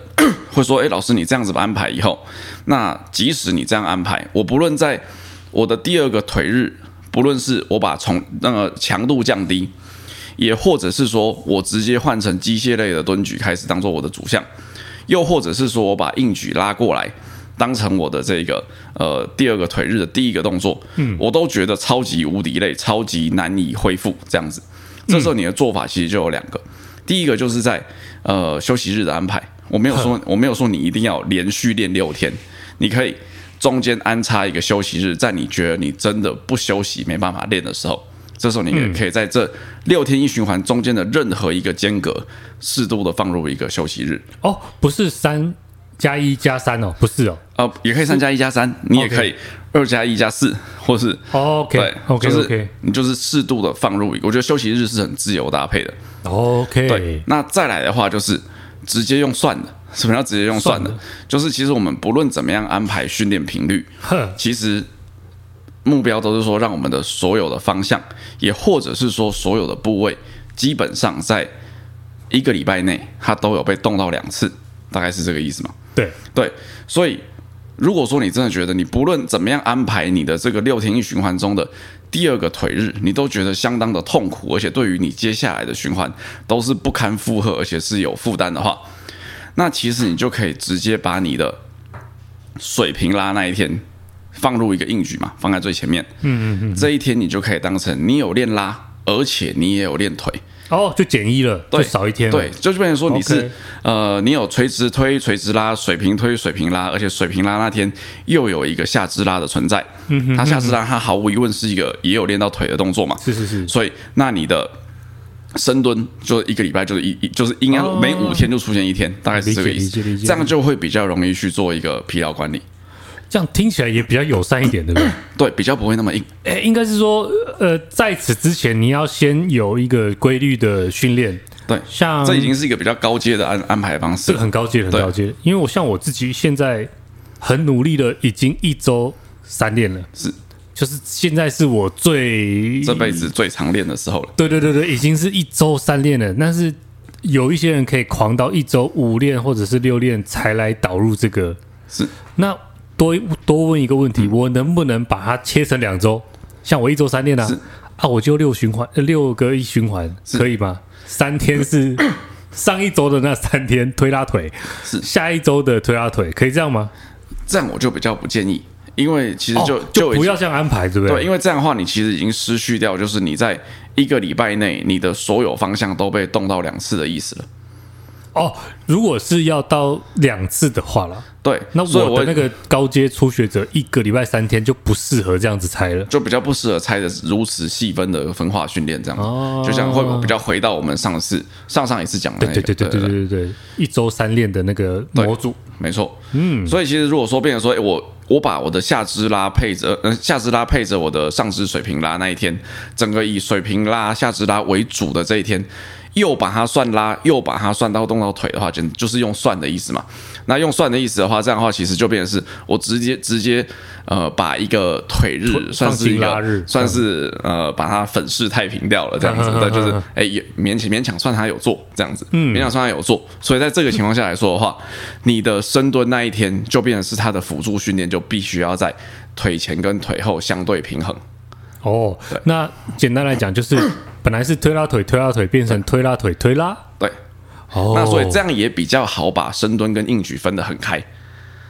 會說：“哎、欸，老師，你這樣子安排以後，那即使你這樣安排，我不論在我的第二個腿日，不論是我把從那個強度降低，也或者是說我直接換成機械類的蹲舉開始當做我的主項，又或者是說我把硬舉拉過來當成我的這個呃第二個腿日的第一個動作，嗯，我都覺得超級無敵累，超級難以恢復，這樣子。”這時候你的做法其實就有兩個，第一個就是在呃休息日的安排，我沒有說我沒有說你一定要連續練六天，你可以中間安插一個休息日，在你覺得你真的不休息沒辦法練的時候，這時候你也可以在這六天一循環中間的任何一個間隔，適度的放入一個休息日。哦，不是三。加一加三哦，不是哦，哦，也可以三加一加三，你也可以二加一加四，或是 OK，對，OK，就是你就是適度的放入一個，我覺得休息日是很自由搭配的，OK，對，那再來的話就是直接用算的，什麼叫直接用算的？就是其實我們不論怎麼樣安排訓練頻率，其實目標都是說讓我們的所有的方向，也或者是說所有的部位，基本上在一個禮拜內，它都有被動到兩次。大概是這個意思嘛？對對，所以如果說你真的覺得你不論怎麼樣安排你的這個六天一循環中的第二個腿日，你都覺得相當的痛苦，而且對於你接下來的循環都是不堪負荷，而且是有負擔的話，那其實你就可以直接把你的水平拉那一天放入一個硬舉嘛，放在最前面。嗯嗯嗯，這一天你就可以當成你有練拉，而且你也有練腿。哦、oh，就減一了，就少一天了。對，就變、是、成說你是、okay. 呃，你有垂直推、垂直拉、水平推、水平拉，而且水平拉那天又有一個下肢拉的存在。嗯哼，嗯哼，他下肢拉，他毫無疑問是一個也有練到腿的動作嘛。是是是。所以那你的深蹲就是一個禮拜就是一就是應該每五天就出現一天、哦，大概是這個意思。這樣就會比較容易去做一個疲勞管理。這樣聽起來也比較友善一點，對不對？對，比較不會那麼硬。誒、欸，應該是說，呃，在此之前你要先有一個規律的訓練。對，像這已經是一個比較高階的安安排方式。這個很高階、很高階。因為我像我自己，現在很努力的，已經一周三練了。是，就是現在是我最這輩子最常練的時候了。對對對對，已經是一周三練了。但是有一些人可以狂到一周五練或者是六練才來導入這個。是，那。多多問一個問題、嗯，我能不能把它切成兩週？像我一週三練呢、啊，啊，我就六循環六個一循環可以嗎？三天是上一週的那三天推拉腿，是下一週的推拉腿，可以這樣嗎？這樣我就比較不建議，因為其實就、哦，就不要這樣安排，對不對？對，因為這樣的話你其實已經失去掉，就是你在一個禮拜內你的所有方向都被動到兩次的意思了。哦，如果是要到兩次的話了，對我，那我的那個高階初學者一個禮拜三天就不適合這樣子拆了，就比較不適合拆的如此細分的分化訓練這樣子，哦、就像會比較回到我們上次上上一次講的、那個，對對對對對對,對,對,對,對,對,對,對一周三練的那個模組對，沒錯，嗯，所以其實如果說變成說，哎我我把我的下肢拉配着，嗯、呃、下肢拉配着我的上肢水平拉那一天，整個以水平拉下肢拉為主的這一天。又把它算拉，又把它算到動到腿的話，簡就是用算的意思嘛。那用算的意思的話，這樣的話其實就變成是我直接直接呃，把一個腿日，日算是一個，嗯、算是呃把它粉飾太平掉了，這樣子，對、啊啊啊、就是哎也勉強勉強算它有做這樣子，嗯、勉強算它有做。所以在這個情況下來說的話，嗯、你的深蹲那一天就變成是它的輔助訓練，就必須要在腿前跟腿後相對平衡。哦，那簡單來講就是。 本來是推拉腿推拉腿變成推拉腿推拉，對，哦，那所以這樣也比較好把深蹲跟硬舉分得很開，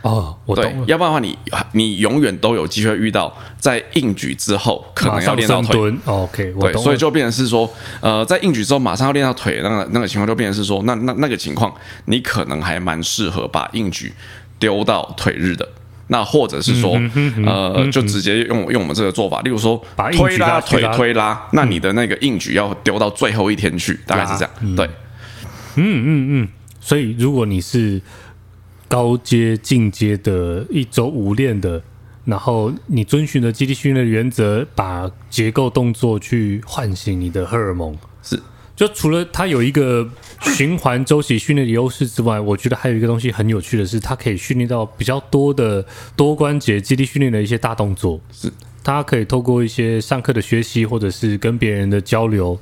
哦，我懂了，對，要不然的話你你永遠都有機會遇到在硬舉之後可能要練到腿蹲，哦，OK，對，所以就變成是說，呃，在硬舉之後馬上要練到腿，那個那個情況就變成是說，那那那個情況你可能還蠻適合把硬舉丟到腿日的。那或者是說，嗯嗯嗯嗯、呃、嗯嗯，就直接用用我們這個做法，例如說把硬舉拉推拉腿推、推拉，那你的那個硬舉要丟到最後一天去，嗯、大概是這樣。嗯、對，嗯嗯嗯。所以如果你是高階進階的一周五練的，然後你遵循的肌力訓練原則，把結構動作去喚醒你的荷爾蒙是。就除了它有一個循環周期訓練的優勢之外，我覺得還有一個東西很有趣的是，它可以訓練到比較多的多關節肌力訓練的一些大動作。是，它可以透過一些上課的學習，或者是跟別人的交流，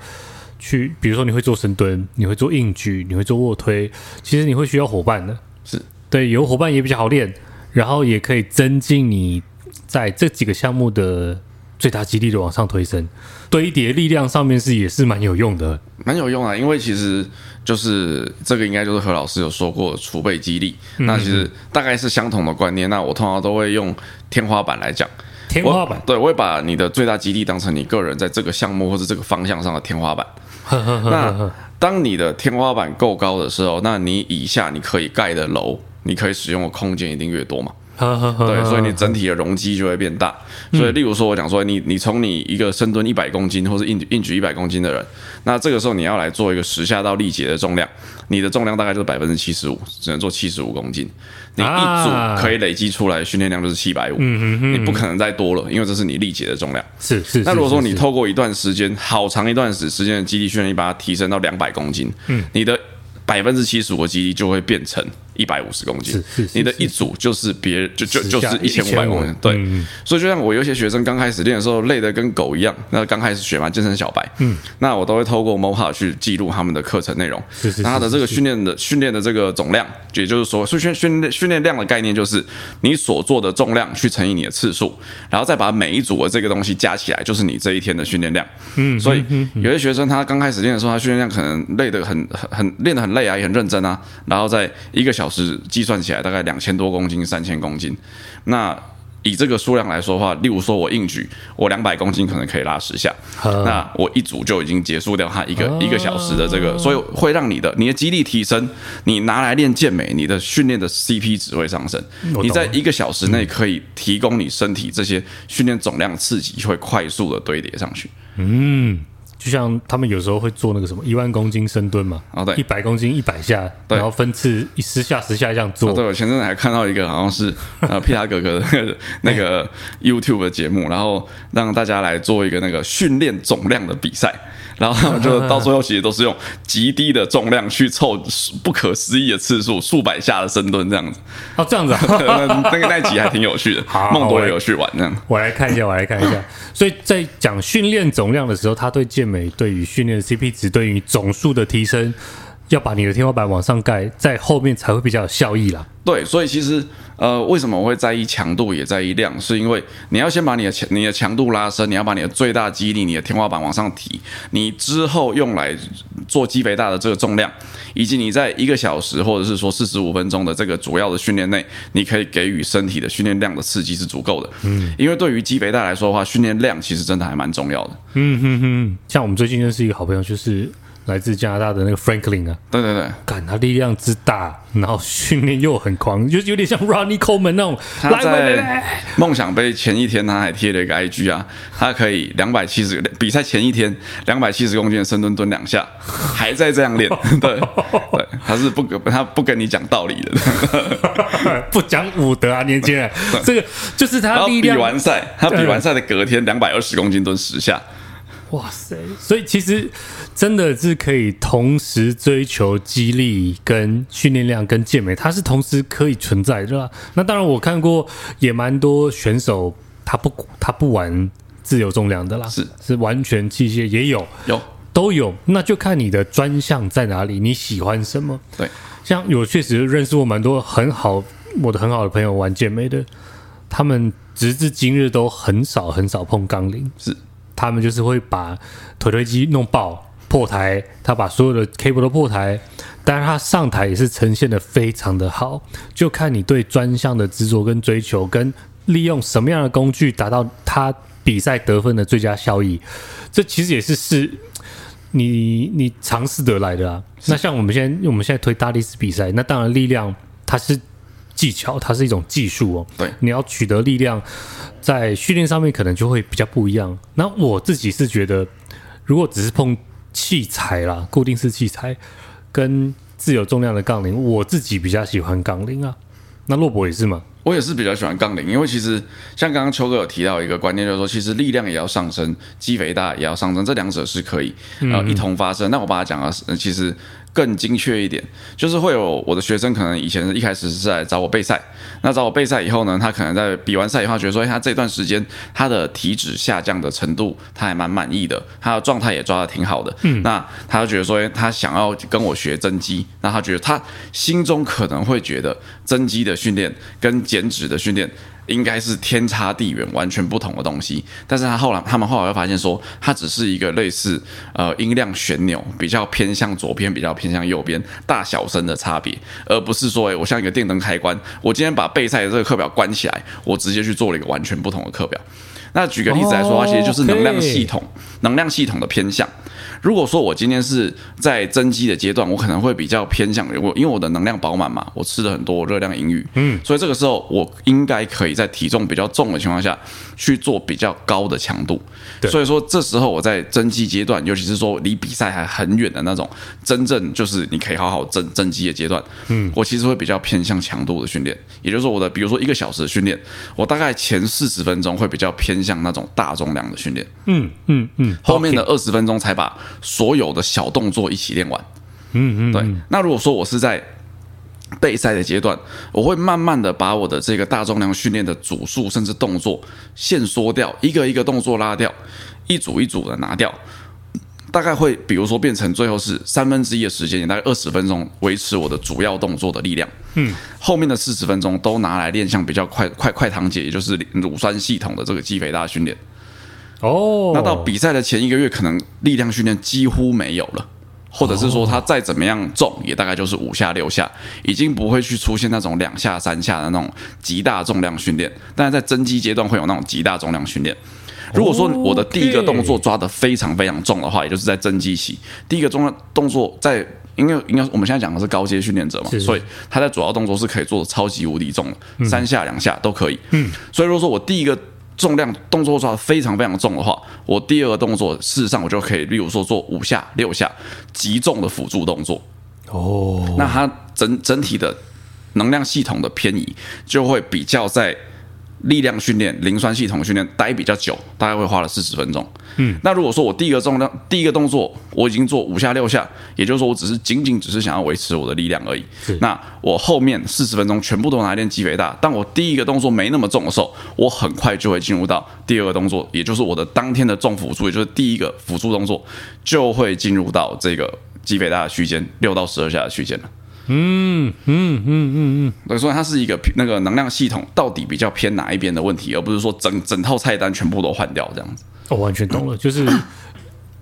去，比如說你會做深蹲，你會做硬舉，你會做臥推，其實你會需要伙伴的。是對，有伙伴也比較好練，然後也可以增進你在這幾個項目的。最大肌力的往上推升，堆疊力量上面是也是蠻有用的，蠻有用啊！因為其實就是這個，應該就是何老師有說過的儲備肌力、嗯嗯嗯，那其實大概是相同的觀念。那我通常都會用天花板來講，天花板，我對我會把你的最大肌力當成你個人在這個項目或者這個方向上的天花板。呵呵呵那當你的天花板夠高的時候，那你以下你可以蓋的樓，你可以使用的空間一定越多嘛。.好好好對，所以你整體的容積就會變大。嗯、所以，例如說，我想說，我講說，你你從你一個深蹲一百公斤，或是硬舉硬舉一百公斤的人，那這個時候你要來做一個十下到力竭的重量，你的重量大概就是百分之七十五，只能做七十五公斤。你一組可以累積出來訓練量就是七百五，你不可能再多了，因為這是你力竭的重量。是是、是、是。那如果說你透過一段時間，好長一段時間的肌力訓練，你把它提升到兩百公斤，嗯、你的百分之七十五的肌力就會變成，一百五十公斤，你的一組就是別人是是是就就就是一千五百公斤，對、嗯，所以就像我有些學生剛開始練的時候累得跟狗一樣，那剛開始學嘛，健身小白，嗯，那我都會透過 MoHa 去記錄他們的課程內容，是是，那他的這個訓練的訓練的這個總量，也就是說，訓訓訓練量的概念就是你所做的重量去乘以你的次數，然後再把每一組的這個東西加起來，就是你這一天的訓練量，嗯，所以有些學生他剛開始練的時候，他訓練量可能累得很很很練得很累啊，也很認真啊，然後在一個小時是計算起來大概兩千多公斤、三千公斤。那以這個數量來說的話，例如說我硬舉，我兩百公斤可能可以拉十下。那我一組就已經結束掉它一個一個小時的這個，所以會讓你的你的肌力提升，你拿來練健美，你的訓練的 CP 值會上升。你在一個小時內可以提供你身體這些訓練總量刺激，會快速的堆疊上去。嗯。就像他們有時候會做那個什麼一萬公斤深蹲嘛，啊、哦、對，一百公斤一百下對，然後分次十下十下這樣做。哦、對，我前陣子還看到一個好像是 呃皮塔哥哥的、那個欸、那個 YouTube 的節目，然後讓大家來做一個那個訓練總量的比賽，然後就到最後其實都是用極低的重量去湊不可思議的次數，數百下的深蹲這樣子。哦，這樣子、啊， 那個那集還挺有趣的，夢多也有趣玩這樣。我來看一下，我來看一下。 所以在講訓練總量的時候，他對健對於訓練的 CP 值，對於總數的提升。要把你的天花板往上蓋，在後面才會比較有效益啦。對，所以其實呃，為什麼我會在意強度也在意量？是因為你要先把你的強你的強度拉伸，你要把你的最大肌力、你的天花板往上提，你之後用來做肌肥大的這個重量，以及你在一個小時或者是說四十五分鐘的這個主要的訓練內，你可以給予身體的訓練量的刺激是足夠的。嗯，因為對於肌肥大來說的話，訓練量其實真的還蠻重要的。嗯哼哼、嗯嗯，像我們最近認識一個好朋友，就是。來自加拿大的那個 Franklin 啊，對對對，感他力量之大，然後訓練又很狂，就有點像 Ronnie Coleman 那種。來來來，夢想杯前一天他還貼了一個 IG 啊，他可以兩百七十比賽前一天兩百七十公斤的深蹲蹲兩下，還在這樣練。 對對，他是不跟他不跟你講道理的， 不講武德啊，年輕人。 這個就是他力量。然後比完賽，他比完賽的隔天兩百二十公斤蹲十下。哇塞！所以其實真的是可以同時追求肌力、跟訓練量、跟健美，它是同時可以存在的，那當然我看過也蠻多選手，他不他不玩自由重量的啦，是是完全器械也有有都有，那就看你的專項在哪裡，你喜歡什麼？對，像有確實認識我蠻多很好我的很好的朋友玩健美的，他們直至今日都很少很少碰槓鈴是。他們就是會把腿推機弄爆破台，他把所有的 cable 都破台，但是他上台也是呈現得非常的好，就看你對專項的執着跟追求，跟利用什麼樣的工具達到他比賽得分的最佳效益，這其實也是是你你嘗試得來的啊。那像我們現在，我們現在推大力士比賽，那當然力量他是。技巧，它是一種技術哦。對，你要取得力量，在訓練上面可能就會比較不一樣。那我自己是覺得，如果只是碰器材啦，固定式器材跟自由重量的槓鈴，我自己比較喜歡槓鈴啊。那洛博也是嗎？我也是比較喜歡槓鈴，因為其實像剛剛邱哥有提到一個觀念，就是說其實力量也要上升，肌肥大也要上升，這兩者是可以然後、嗯呃、一同發生。那我把它講了、呃，其實。更精確一點，就是會有我的學生，可能以前一開始是在找我備賽，那找我備賽以後呢，他可能在比完賽以後，他覺得說，他這段時間他的體脂下降的程度，他還蠻滿意的，他的狀態也抓得挺好的，嗯，那他就覺得說，他想要跟我學增肌，那他覺得他心中可能會覺得增肌的訓練跟減脂的訓練，應該是天差地遠，完全不同的東西，但是他後來他們後來會發現說，它只是一個類似呃音量旋鈕，比較偏向左邊，比較偏向右邊，大小聲的差別，而不是說誒、欸、我像一個電燈開關，我今天把備賽的這個課表關起來，我直接去做了一個完全不同的課表。那舉個例子來說，Oh, okay. 它其實就是能量系統，能量系統的偏向。如果說我今天是在增肌的階段，我可能會比較偏向於我，因為我的能量飽滿嘛，我吃了很多熱量盈餘，嗯，所以這個時候我應該可以在體重比較重的情況下。去做比較高的強度，所以說，這時候我在增肌階段，尤其是說離比賽還很遠的那種，真正就是你可以好好增增肌的階段，嗯，我其實會比較偏向強度的訓練，也就是說我的比如說一個小時的訓練，我大概前四十分鐘會比較偏向那種大重量的訓練，嗯嗯嗯，後面的二十分鐘才把所有的小動作一起練完，嗯嗯，嗯，對，那如果說我是在備賽的階段，我會慢慢的把我的這個大重量訓練的組數，甚至動作，限縮掉，一個一個動作拉掉，一組一組的拿掉，大概會比如說變成最後是三分之一的時間，大概二十分鐘維持我的主要動作的力量，嗯，後面的四十分鐘都拿來練像比較快快快醣解，也就是乳酸系統的這個肌肥大訓練。哦，那到比賽的前一個月，可能力量訓練幾乎沒有了。或者是說他再怎麼樣重，也大概就是五下六下，已經不會去出現那種兩下三下的那種極大重量訓練。但是在增肌階段會有那種極大重量訓練。如果說我的第一個動作抓得非常非常重的話，也就是在增肌期第一個重要動作，在因為應該我們現在講的是高階訓練者嘛，所以他在主要動作是可以做的超級無敵重，三下兩下都可以。嗯，所以如果說我第一個。重量動作做得非常非常重的話，我第二個動作事實上我就可以，例如說做五下六下極重的輔助動作。哦，那它整整體的能量系統的偏移就會比較在。力量訓練、磷酸系統訓練待比較久，大概會花了四十分鐘。嗯，那如果說我第一個重量、第一個動作我已經做五下六下，也就是說，我只是僅僅只是想要維持我的力量而已。那我後面四十分鐘全部都拿來練肌肥大，但我第一個動作沒那麼重的時候，我很快就會進入到第二個動作，也就是我的當天的重輔助，也就是第一個輔助動作就會進入到這個肌肥大的區間，六到十二下的區間。嗯嗯嗯嗯嗯，等、嗯、於、嗯嗯嗯、說它是一個那個能量系統到底比較偏哪一邊的問題，而不是說整整套菜單全部都換掉這樣子。我、哦、完全懂了，嗯、就是、嗯、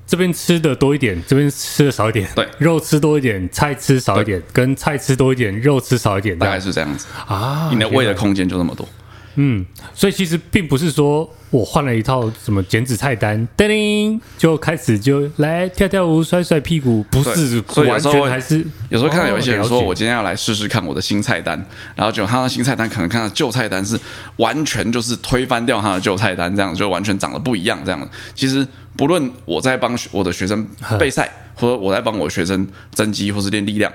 這邊吃的多一點，這邊吃的少一點，對，肉吃多一點，菜吃少一點，跟菜吃多一點，肉吃少一點，大概是這樣子啊。你的胃的空間就那麼多。啊 okay, right. 嗯，所以其實並不是說我換了一套什麼減脂菜單，叮叮，就開始就來跳跳舞，甩甩屁股，不是完全對。所以有時候還是有時候看到有一些人說、哦、我，我今天要來試試看我的新菜單，然後就他的新菜單可能看到舊菜單是完全就是推翻掉他的舊菜單，這樣就完全長得不一樣。這樣其實不論我在幫我的學生備賽，或者我在幫我的學生增肌或是練力量。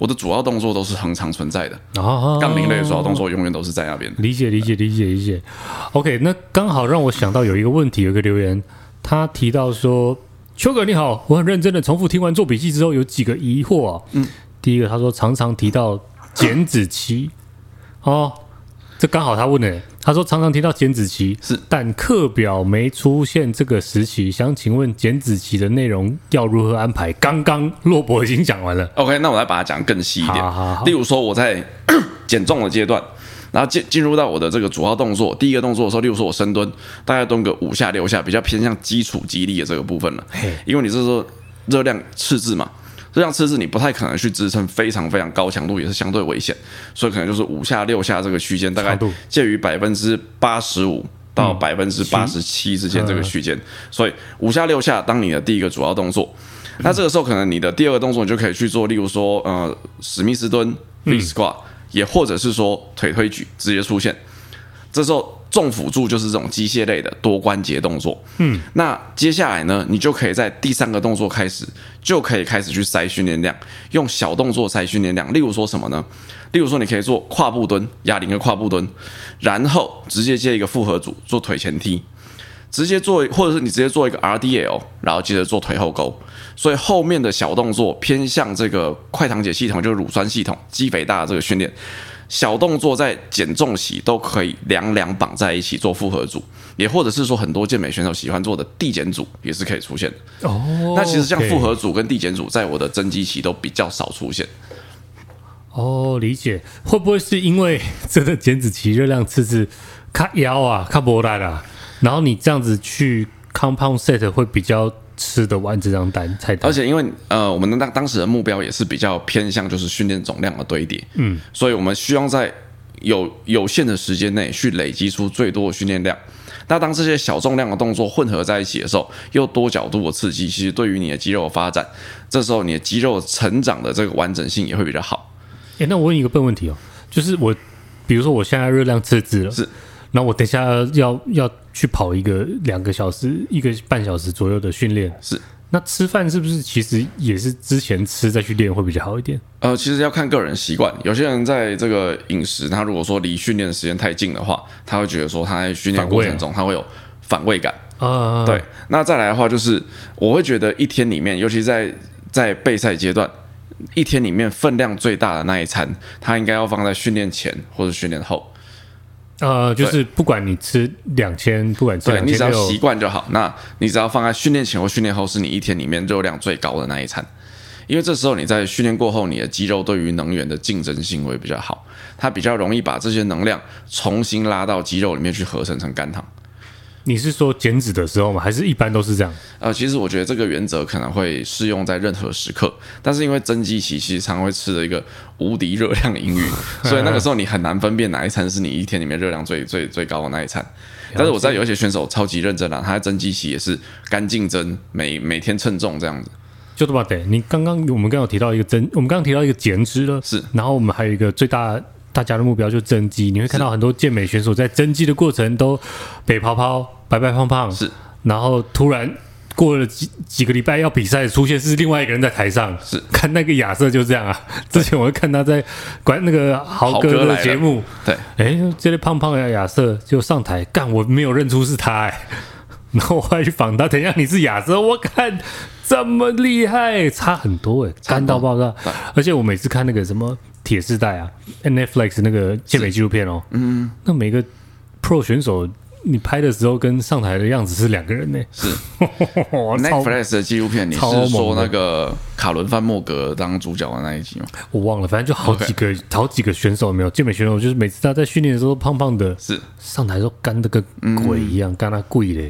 我的主要動作都是恆常、常存在的，槓鈴類主要動作永遠都是在那邊，啊啊哦。理解理解理解理解、理解。OK，那剛好讓我想到有一個問題，有一個留言，他提到說：“邱哥你好，我很認真的重複聽完做筆記之後，有幾個疑惑啊、哦。”嗯，第一個他說常常提到減脂期，啊。哦這剛好他問的，他說常常聽到減脂期，是，但課表沒出現這個時期，想請問減脂期的內容要如何安排？剛剛洛博已經講完了，OK，那我來把它講更細一點。好好好例如說我在減 重的階段，然後進進入到我的這個主要動作，第一個動作的時候，例如說我深蹲，大概蹲個五下六下，比較偏向基礎肌力的這個部分了，因為你是說熱量赤字嘛。這樣車子你不太可能去支撐非常非常高強度，也是相對危險，所以可能就是五下六下這個區間，大概介於百分之八十五到百分之八十七之間這個區間，所以五下六下當你的第一個主要動作，嗯，那這個時候可能你的第二個動作你就可以去做，例如說呃史密斯蹲，V-squat 也或者是說腿推舉直接出現，這時候。重輔助就是這種機械類的多關節動作。嗯，那接下來呢，你就可以在第三個動作開始，就可以開始去塞訓練量，用小動作塞訓練量。例如說什麼呢？例如說你可以做跨步蹲，啞鈴的跨步蹲，然後直接接一個複合組做腿前踢，直接做，或者是你直接做一個 RDL，然後接着做腿後勾。所以後面的小動作偏向這個快糖解系統，就是乳酸系統、肌肥大的這個訓練。小動作在減重期都可以兩兩綁在一起做複合組，也或者是說很多健美選手喜歡做的遞減組也是可以出現的。哦，oh, okay. 那其實像複合組跟遞減組在我的增肌期都比較少出現。哦，oh，理解。會不會是因為這個減脂期熱量次次卡腰啊卡不來啊？然後你這樣子去 compound set 會比較，吃得完這張菜單，而且因為呃，我們的當當時的目標也是比較偏向就是訓練總量的堆疊，嗯，所以我們希望在有有限的時間內去累積出最多的訓練量。那當這些小重量的動作混合在一起的時候，又多角度的刺激，其實對於你的肌肉的發展，這時候你的肌肉成長的這個完整性也會比較好。誒、欸，那我問一個笨問題哦，就是我，比如說我現在熱量赤字了。是那我等下要要去跑一個兩個小時一個半小時左右的訓練，是那吃飯是不是其實也是之前吃再去練會比較好一點？呃，其實要看個人習慣，有些人在這個飲食，他如果說離訓練的時間太近的話，他會覺得說他在訓練過程中、啊、他會有反胃感啊，啊，啊，啊。對，那再來的話就是我會覺得一天裡面，尤其在在備賽階段，一天裡面分量最大的那一餐，他應該要放在訓練前或者訓練後。呃，就是不管你吃兩千，不管，對，你只要習慣就好。那你只要放在訓練前或訓練後，是你一天裡面熱量最高的那一餐，因為這時候你在訓練過後，你的肌肉對於能源的競爭性會比較好，它比較容易把這些能量重新拉到肌肉裡面去合成成肝糖。你是說減脂的時候嗎？還是一般都是這樣？啊、呃，其實我覺得這個原則可能會適用在任何時刻，但是因為增肌期其實常會吃的一個無敵熱量的盈餘， 所以那個時候你很難分辨哪一餐是你一天裡面熱量最最最高的那一餐。但是我知道有一些選手超級認真的，他在增肌期也是乾淨增，每每天稱重這樣子。就這麼對？你剛剛我們剛剛提到一個增，我們剛剛提到一個減脂了，是，然後我們還有一個最大。大家的目標就增肌，你會看到很多健美選手在增肌的過程都肥、拋拋白白胖胖，是，然後突然過了幾幾個禮拜要比賽，出現的是另外一個人在台上，是看那個亞瑟就這樣啊。之前我會看他在管那個豪哥的節目哥，對，哎、欸，這些、個、胖胖的亞瑟就上台幹，我沒有認出是他、欸，哎， 然後我還去訪他，等一下你是亞瑟，我看這麼厲害，差很多、欸，哎，幹到爆炸，而且我每次看那個什麼。鐵世代啊，Netflix 那個健美紀錄片哦，嗯，那每個 Pro 選手，你拍的時候跟上台的樣子是兩個人呢、欸，是呵呵呵 Netflix 的紀錄片，你是說那個卡倫范莫格當主角的那一集嗎？嗯嗯、我忘了，反正就好幾個，okay. 好幾個選手有沒有健美選手，就是每次他在訓練的時候胖胖的，是上台的時候乾的跟鬼一樣，乾到跪的。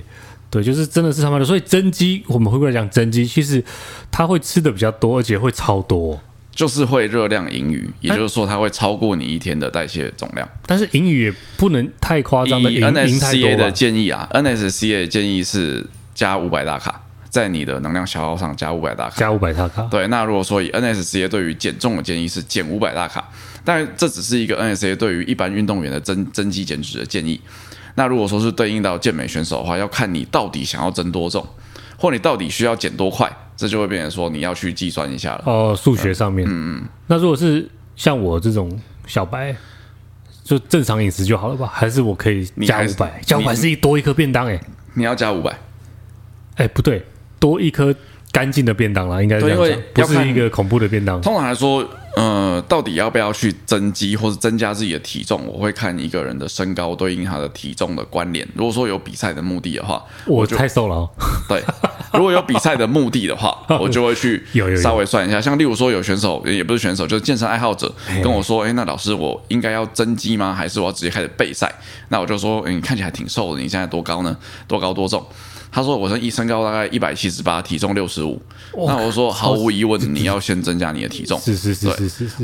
對，就是真的是他媽的，所以增肌我們會不會講增肌？其實他會吃的比較多，而且會超多、哦。就是會熱量盈餘、啊，也就是說它會超過你一天的代謝總量。但是盈餘也不能太誇張的盈太多吧？N S C A 的建議啊，啊，N S C A 建議是加五百大卡在你的能量消耗上加五百大卡，加五百大卡。對，那如果說以 N S C A 對於減重的建議是減五百大卡，但這只是一個 N S C A 對於一般運動員的增增肌減脂的建議。那如果說是對應到健美選手的話，要看你到底想要增多重。或你到底需要減多快，這就會變成說你要去計算一下了。哦，數學上面。嗯嗯。那如果是像我這種小白，就正常飲食就好了吧？還是我可以加五百？加五百是一多一顆便當哎、欸？你要加五百？哎，不對，多一顆乾淨的便當啦，應該這樣講，不是一個恐怖的便當。通常來說。呃，到底要不要去增肌或是增加自己的體重？我會看一個人的身高對應他的體重的關聯。如果說有比賽的目的的話，我就，我太瘦了哦。對， 如果有比賽的目的的話，我就會去稍微算一下。有有有像例如說有選手，也不是選手，就是健身愛好者有有有跟我說：“哎，欸，那老師，我應該要增肌嗎？還是我要直接開始備賽？”那我就說：“欸，你看起來挺瘦的，你現在多高呢？多高多重？”他說：“我身一身高大概一百七十八，體重六十五。”那我說：“毫無疑問，你要先增加你的體重。”是是是。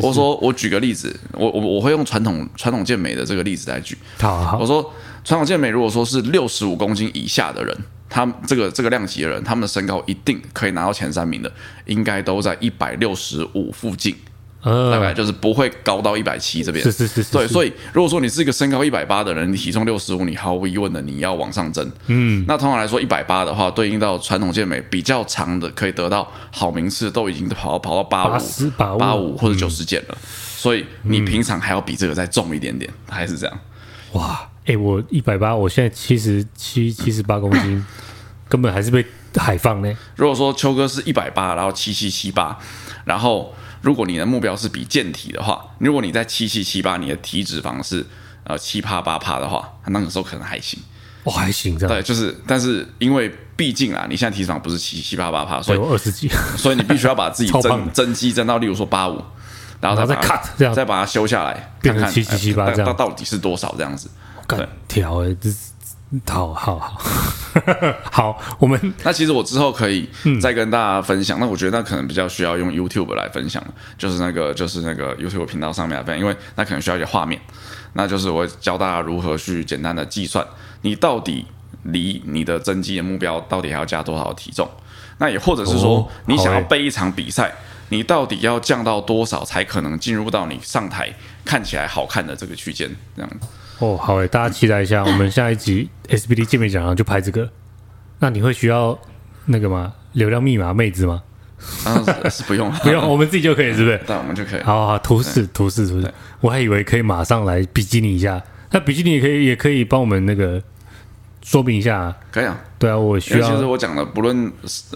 我說：“我舉個例子，我我我會用傳統傳統健美的這個例子來舉。”啊、好，我說：“傳統健美如果說是六十五公斤以下的人，他們這個這個量級的人，他們的身高一定可以拿到前三名的，應該都在一百六十五附近。”呃、大概就是不會高到一百七這邊，是是是，是，對。所以如果說你是一個身高一百八的人，體重六十五，你毫無疑問的你要往上增。嗯，那通常來說一百八的話，對應到傳統健美比較長的，可以得到好名次，都已經跑到跑到八五、八五或者九十減了、嗯。所以你平常還要比這個再重一點點，還是這樣。哇，誒、欸，我一百八，我現在七十七、七十八公斤、嗯，根本還是被海放呢。如果說邱哥是一百八，然後七七七八，然後。如果你的目標是比健體的話，如果你在七七七八，你的體脂肪是呃七趴八趴的話，那個時候可能還行，我、哦、還行對，就是但是因為畢竟啊，你現在體脂肪不是七七八八趴，所以， 所以你必須要把自己增增肌增到，例如說八五，然後他再 cut，再把它修下來，7778看看，七七七八這到底是多少這樣子？我靠，天、哦好好好，好，我們 那其實我之後可以再跟大家分享，嗯。那我覺得那可能比較需要用 YouTube 來分享，就是那個就是那個 YouTube 頻道上面來分享，因為那可能需要一些畫面。那就是我會教大家如何去簡單的計算，你到底離你的增肌的目標到底還要加多少的體重？那也或者是說，你想要備一場比賽，哦欸，你到底要降到多少才可能進入到你上台看起來好看的這個區間？這樣子。哦、oh, 欸，好，大家期待一下，嗯、我們下一集 S B D 健美講堂上就拍這個。那你會需要那個嗎？流量密碼妹子嗎？啊、 是不用， 不用，我們自己就可以， 是不是？那我們就可以。好,好，好，圖示圖示圖示。我還以為可以馬上來比基尼一下，那比基尼也可以，也可以幫我們那個說明一下、啊。可以啊，對啊，我需要。其實我講的，不論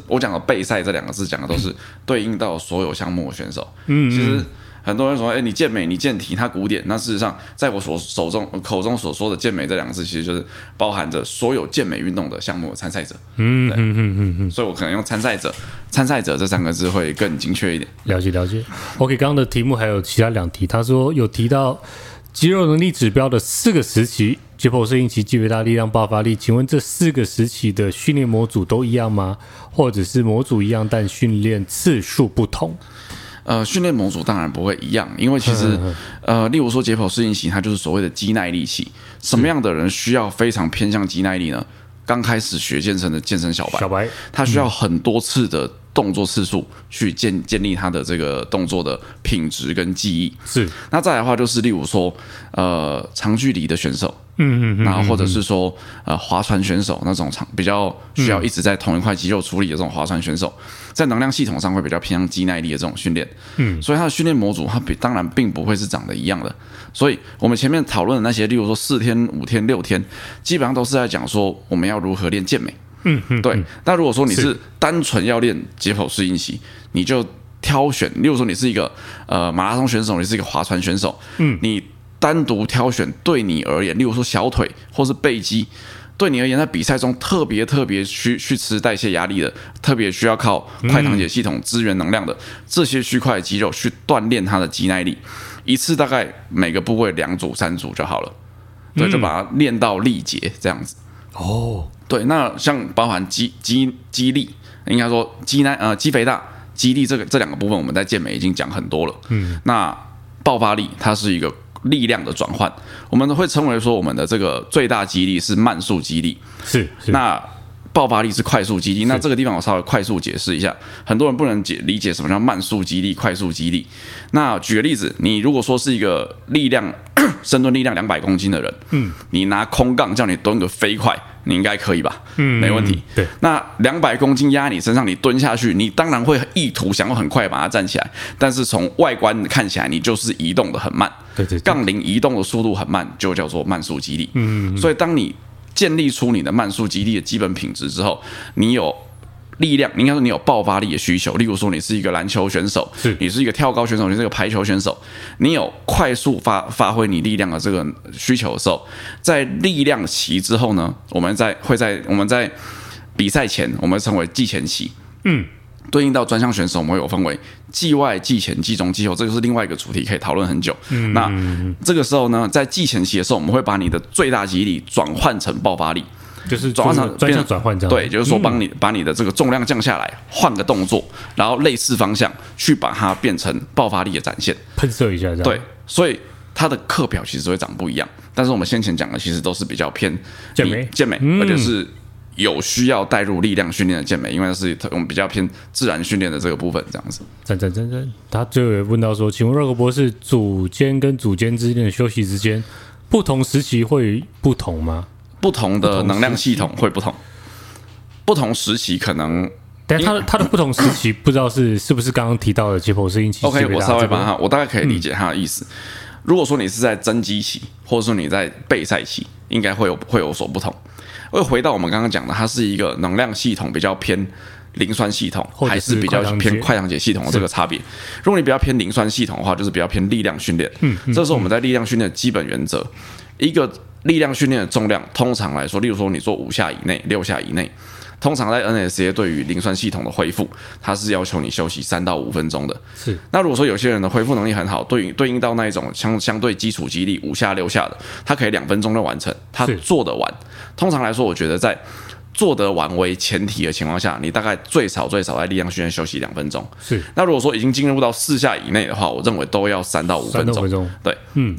我講的備賽這兩個字，講的都是 對應到所有項目的選手。嗯,嗯。其實。很多人說：“哎，你健美，你健體，他古典。”那事實上，在我所手中口中所說的“健美”這兩個字，其實就是包含着所有健美運動的項目的參賽者。嗯嗯嗯，嗯，所以我可能用參賽者“參賽者”、“參賽者”這三個字會更精確一點。了解，了解。OK，剛剛的題目還有其他兩題。他說有提到肌肉能力指標的四個時期：解剖適應期、肌肥大、力量、爆發力。請問這四個時期的訓練模組都一樣嗎？或者是模組一樣，但訓練次數不同？呃，訓練模組當然不會一樣，因為其實，呵呵呃，例如說解剖適應期，它就是所謂的肌耐力期，什麼樣的人需要非常偏向肌耐力呢？剛開始學健身的健身小白，小白他需要很多次的動作次數、嗯、去建建立他的這個動作的品質跟記憶。是。那再來的話，就是例如說，呃，長距離的選手。嗯嗯，嗯。然、嗯、後、嗯、或者是說，呃，划船選手那種場比較需要一直在同一塊肌肉處理的這種划船選手，嗯、在能量系統上會比較偏向肌耐力的這種訓練。嗯，所以他的訓練模組它，他比當然並不會是長得一樣的。所以我們前面討論的那些，例如說四天、五天、六天，基本上都是在講說我們要如何練健美。嗯嗯，對。那、嗯嗯、如果說你是單純要練解剖適應期，你就挑選。例如說，你是一個呃馬拉松選手，你是一個划船選手，嗯，你。單獨挑選，對你而言，例如說小腿或是背肌，對你而言，在比賽中特別特別需去吃代謝壓力的，特別需要靠快醣解系統支援能量的、嗯、這些區塊肌肉去鍛鍊它的肌耐力，一次大概每個部位兩組三組就好了，嗯、對，就把它練到力竭這樣子。哦，對，那像包含肌肌肌力，應該說肌耐呃肌肥大、肌力這個這兩個部分，我們在健美已經講很多了。嗯，那爆發力它是一個。力量的轉換，我們都會稱為說我們的這個最大肌力是慢速肌力，是，是。那爆發力是快速肌力。那這個地方我稍微快速解釋一下，很多人不能解理解什麼叫慢速肌力、快速肌力。那舉個例子，你如果說是一個力量 深蹲力量兩百公斤的人，嗯，你拿空槓叫你蹲個飛快。你應該可以吧？嗯，沒問題。嗯、對，那兩百公斤壓你身上，你蹲下去，你當然會意圖想要很快把它站起來，但是從外觀看起來，你就是移動得很慢。對，對對，槓鈴移動的速度很慢，就叫做慢速肌力。嗯，所以當你建立出你的慢速肌力的基本品質之後，你有力量，應該說你有爆發力的需求，例如說你是一個籃球選手，是，你是一個跳高選手，你是個排球選手，你有快速發發揮你力量的這個需求的時候，在力量期之後呢，我們在會在我們在比賽前，我們稱為季前期，嗯，對應到專項選手，我們會有分為季外、季前、季中、季後，這個是另外一個主題，可以討論很久。嗯、那這個時候呢，在季前期的時候，我們會把你的最大肌力轉換成爆發力。就是轉化成專項轉換這樣，對，就是說幫你把你的這個重量降下來，換個動作，然後類似方向去把它變成爆發力的展現，噴射一下這樣。對，所以他的課表其實會長不一樣，但是我們先前講的其實都是比較偏健美，健美，而且是有需要帶入力量訓練的健美，因為是我們比較偏自然訓練的這個部分這樣子。真真真真，他最後也問到說：“請問 Rock 博士，組間跟組間之間的休息之間不同時期會不同嗎？”不同的能量系統會不同，不同時期，不同時期可能，但它的它的不同時期不知道是 是不是剛剛提到的解剖適應期。OK，我稍微幫他、這個，我大概可以理解它的意思、嗯。如果說你是在增肌期，或者說你在備賽期，應該會有會有所不同。我回到我們剛剛講的，它是一個能量系統比較偏磷酸系統，還是比較偏快醣解系統的這個差別。如果你比較偏磷酸系統的話，就是比較偏力量訓練，嗯，這是我們在力量訓練的基本原則、嗯嗯、一個。力量訓練的重量通常來說，例如說你做五下以內、六下以內，通常在 NSCA 對於磷酸系統的恢復，它是要求你休息三到五分鐘的。是。那如果說有些人的恢復能力很好，對應對應到那一種相相對基礎肌力，五下六下的，它可以兩分鐘就完成，它做得完。通常來說，我覺得在做得完為前提的情況下，你大概最少最少在力量訓練休息兩分鐘。是。那如果說已經進入到四下以內的話，我認為都要到三到五分鐘。對。嗯。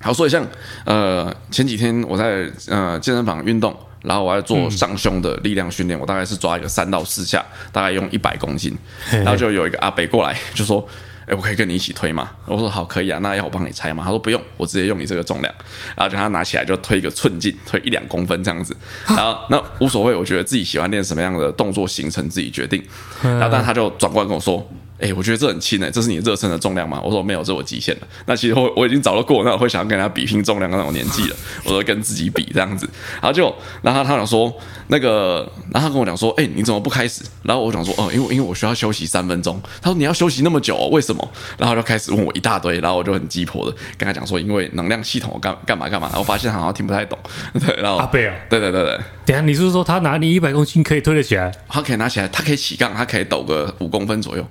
好，所以像呃，前幾天我在呃健身房運動，然後我要做上胸的力量訓練，嗯、我大概是抓一個三到四下，大概用一百公斤，嗯，然後就有一個阿北過來就說，哎，我可以跟你一起推嗎？我說好，可以啊，那要我幫你拆嗎？他說不用，我直接用你這個重量，然後叫他拿起來就推一個寸勁，推一兩公分這樣子，然後，然後那無所謂，我覺得自己喜歡練什麼樣的動作行程自己決定，然後但他就轉過來跟我說。哎、欸，我覺得這很輕哎、欸，這是你熱身的重量嗎？我說沒有，這我極限了。那其實我我已經找到過那我會想要跟人家比拼重量那種年紀了。我說跟自己比這樣子。然後就，然後他想說，那個，然後他跟我講說，哎、欸，你怎麼不開始？然後我講說，哦、呃，因為因為我需要休息三分鐘。他說你要休息那麼久、哦，為什麼？然後就開始問我一大堆。然後我就很雞婆的跟他講說，因為能量系統我幹幹嘛幹嘛。然後發現好像聽不太懂。對，然後阿貝、喔、對對對對等，等下你是，是說他拿你一百公斤可以推得起來？他可以拿起來，他可以起槓，他可以抖個五公分左右。